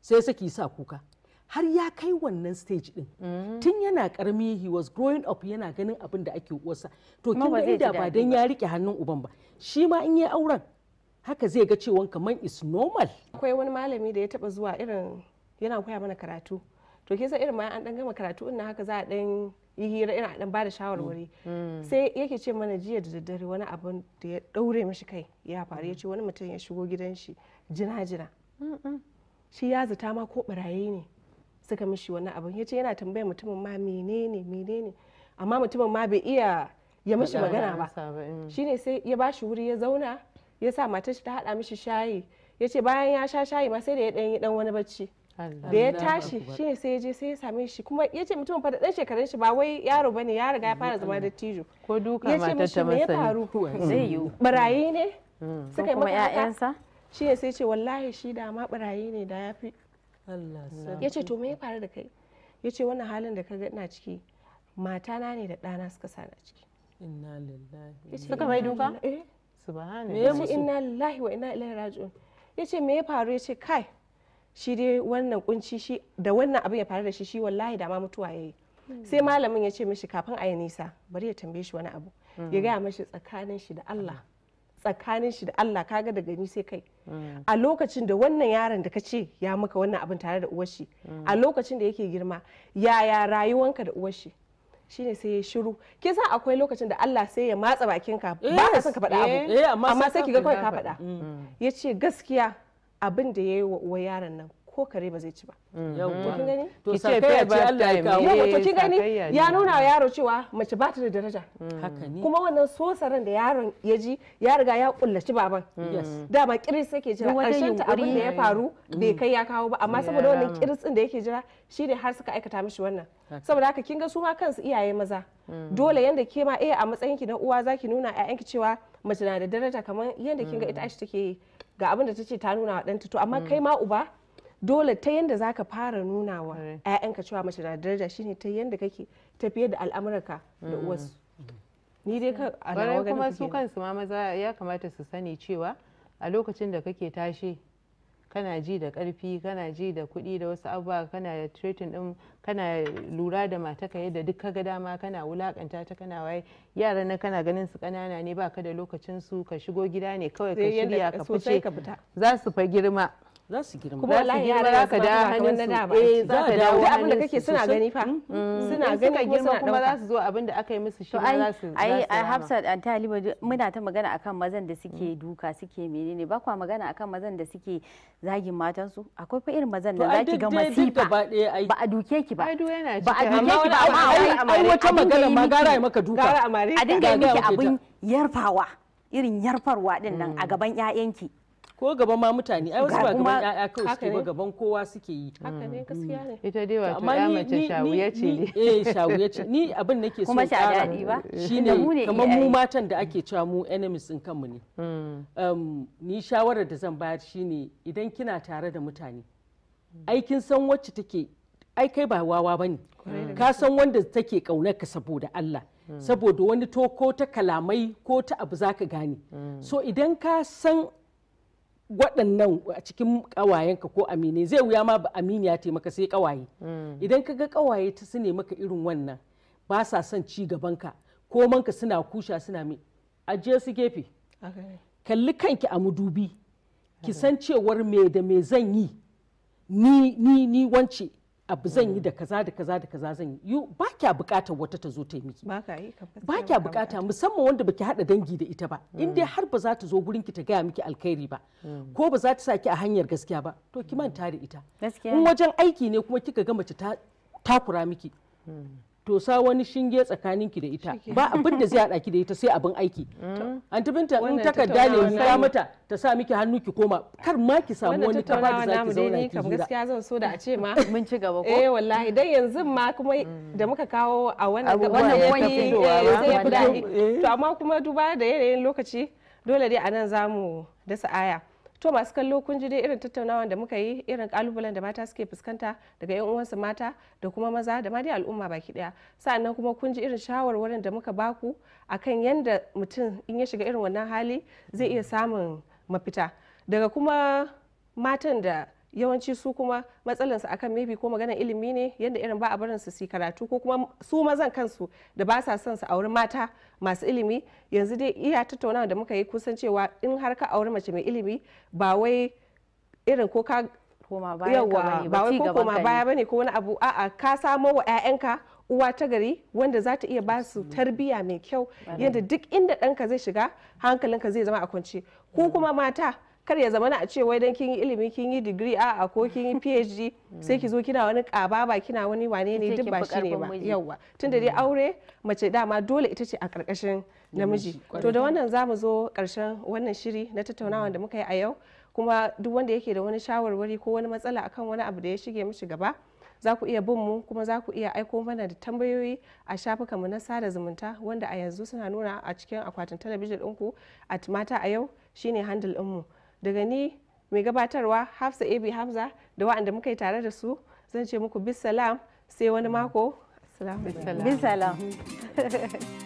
sai saki sa kuka har ya kai wannan stage din mm. tun yana karami he was growing up yana ganin abin da ake uwarsa to kin ga inda ba dan ya rike hannun uban ba shi ma in yayi auren haka zai ga cewa kaman is normal akwai wani malami da ya taba zuwa irin yana koya mana karatu to ke san irin ma an dan gama karatu din haka za a dan yi hira ina dan bada shawarwari mm. Mm. sai yake ce mana jiya da daddare wani abin da ya daure mishi kai ya faru ya ce wani mutum ya shigo gidan shi jina jina shi ya zata ma ko barayi ne suka mishi wani abu ya ce yana tambaya mutumin ma menene menene amma mutumin ma bai iya ya mishi magana ba mm. shine sai ya bashi wuri ya zauna ya sa matar shi ta hada mishi shayi ya ce bayan ya sha shayi ma sai da ya dan yi dan wani bacci da ya tashi shine sai ya je sai ya same shi kuma ya ce mutumin fa da dan shekarun shi ba wai yaro bane ya riga ya mm. fara zama tijo ko duka matar ta me ya faru mm. zai yi barayi ne suka yi maka shi ne sai ce wallahi shi da ma barayi ne da ya fi ya ce to me ya faru da kai ya ce wannan halin da kaga ina ciki matana ne da ɗana suka sa na ciki inna lillahi suka mai duka eh. ya ce inna lillahi wa inna ilaihi raji'un yace me ya faru ya ce kai shi dai wannan kunci shi da wannan abin ya faru da shi shi wallahi da ma mutuwa yayi hmm. sai malamin ya ce mishi kafin a yi nisa bari ya tambaye shi wani abu ya hmm. gaya mashi tsakanin shi da Allah tsakanin shi da Allah kaga daga ni sai kai mm. a lokacin da wannan yaron da ka ce ya maka wannan abin tare da uwar shi a mm. lokacin da yake girma yaya rayuwanka da uwar shi shine sai ya shiru ke sa akwai lokacin da Allah sai ya matsa bakin ka ba ka son ka faɗa abu eh, eh, amma sai ki ga kawai ka faɗa mm. ya ce gaskiya abin da ya yi wa uwar yaron nan ko kare ba zai ci ba to ya kawo kin gani ya nuna wa yaro cewa mace ba ta da daraja mhm. kuma wannan sosaran da yaron ya ji ya riga ya kullaci baban mhm. dama kiris yake jira karshen ta abin da ya faru mhm. bai kai ya kawo ba amma saboda wannan kiris din da yake jira shi ne har suka aikata mishi wannan saboda haka kin ga su ma kansu iyaye maza dole yanda ke ma eh a matsayinki na uwa zaki nuna ƴaƴanki cewa mace na da daraja kamar yanda kin ga ita ashi take yi ga abin da ta ce ta nuna wa ɗanta to amma kai ma uba dole ta yanda zaka fara nuna wa ƴaƴanka cewa mace na daraja shine ta yanda kake tafiye da al'amuranka da mm-hmm. wasu ni dai ka a kuma su kansu ma maza ya kamata su sani cewa a lokacin da kake tashi kana ji da karfi kana ji da kuɗi da wasu abubuwa kana treating din kana lura da ka yadda duk kaga dama kana wulakanta ta kana waye yara na kana ganin su kanana ne baka da lokacin su ka shigo gida ne kawai ka shirya ka fice za su fa girma za su girma kuma wallahi yara za ka dawo hannun da ba eh za ka dawo abin da kake suna gani fa mm. Mm. suna gani kuma kuma za su zo abin da aka yi musu shi za su ai ai Hafsat an Taliba muna ta magana akan mazan da suke mm. duka suke menene ba kwa magana akan mazan da suke zagin matan su akwai fa irin mazan da za ki ga masifa ba a duke ki ba ba a duke ki ba amma ai wata magana ma gara ya maka duka a dinga miki abin yarfawa irin yarfarwa din nan a gaban 'ya'yanki ko gaban ma mutane ai wasu ba gaban ƴaƴa kawai suke ba gaban kowa suke yi haka ne mm. gaskiya ne ita dai wato ƴa mace shawuya ce ne eh shawuya ce ni abin nake so kuma sha daɗi ba shine kamar mu matan da ake cewa mu enemies din kanmu ne mm. um, ni shawarar da zan bayar shine idan kina tare da mutane aikin san wacce take ai kai ba wawa bane ka san wanda take kaunar ka saboda Allah mm. saboda wani to ko ta kalamai ko ta abu zaka gane so idan ka san waɗannan a cikin ƙawayenka ko amine zai wuya ma ba aminiya ta maka sai ƙawaye mm. idan ka ga ƙawaye ta sune maka irin wannan ba sa son ci gabanka ko manka suna kusha suna mai ajiye su gefe kalli kanki a mudubi ki san cewar me da me zan yi ni ni ni wance abu zan yi mm. da kaza da kaza da kaza zan yi ba kya bukata wata ta zo ta yi miki ba kya bukata musamman wanda baki hada dangi da ita ba in dai mm. har ba za ta zo gurin ki ta gaya miki alkhairi ba mm. ko ba za ta saki a hanyar gaskiya ba to ki manta da ita in wajen aiki ne kuma kika ga mace ta takura miki to sa wani shinge tsakaninki da ita ba abin da zai haɗa ki da ita sai abin aiki an binta in takarda ne mu ga mata ta sa miki hannu ki koma kar ma ki samu wani kafa da zaki zauna ki kam gaskiya zan so da a ce ma mun ci gaba ko eh wallahi dan yanzu ma kuma da muka kawo a wannan gaba wani zai fi to amma kuma duba da yanayin lokaci dole dai a nan zamu dasa aya to masu kallo kun ji dai irin tattaunawa da muka yi irin kalubalen da mata suke fuskanta daga yan uwansu mata da kuma maza da ma dai al'umma baki daya sa'annan kuma kun ji irin shawarwarin da muka baku akan yanda mutum in ya shiga irin wannan hali zai iya samun mafita daga kuma matan da yawanci su kuma matsalansu akan maybe ko magana ilimi ne yadda irin ba a barin su karatu ko kuma su mazan kansu da ba sa son su auri mata masu ilimi yanzu dai iya tattaunawa da muka yi kusan cewa in har ka auri mace mai ilimi ba wai irin ko ka koma baya yawa ba wai ko koma baya bane ko wani abu a'a ka samo wa 'ya'yanka uwa ta gari wanda za ta iya ba su tarbiyya mai kyau yadda duk inda ɗanka zai shiga hankalinka zai zama a kwance ko kuma mata kar ya zama a ce wai dan kin yi ilimi kin yi digiri a ko kin yi phd sai ki zo kina wani ba kina wani wane ne duk ba shi ne ba yawa tunda dai mm. aure mace dama dole ita ce a karkashin namiji to da wannan zamu zo karshen wannan shiri na tattaunawa mm. da muka yi a yau kuma duk wanda yake da wani shawarwari ko wani matsala akan wani abu da ya shige mishi gaba za ku iya bin mu kuma za ku iya aiko mana da tambayoyi a shafukanmu na sada zumunta wanda a yanzu suna nuna a cikin akwatin talabijin ɗinku at mata a yau shine handle ɗinmu daga ni mai gabatarwa hafsa ab hamza da wa'anda muka yi tare da su zan ce muku bisalam sai wani mako bisalam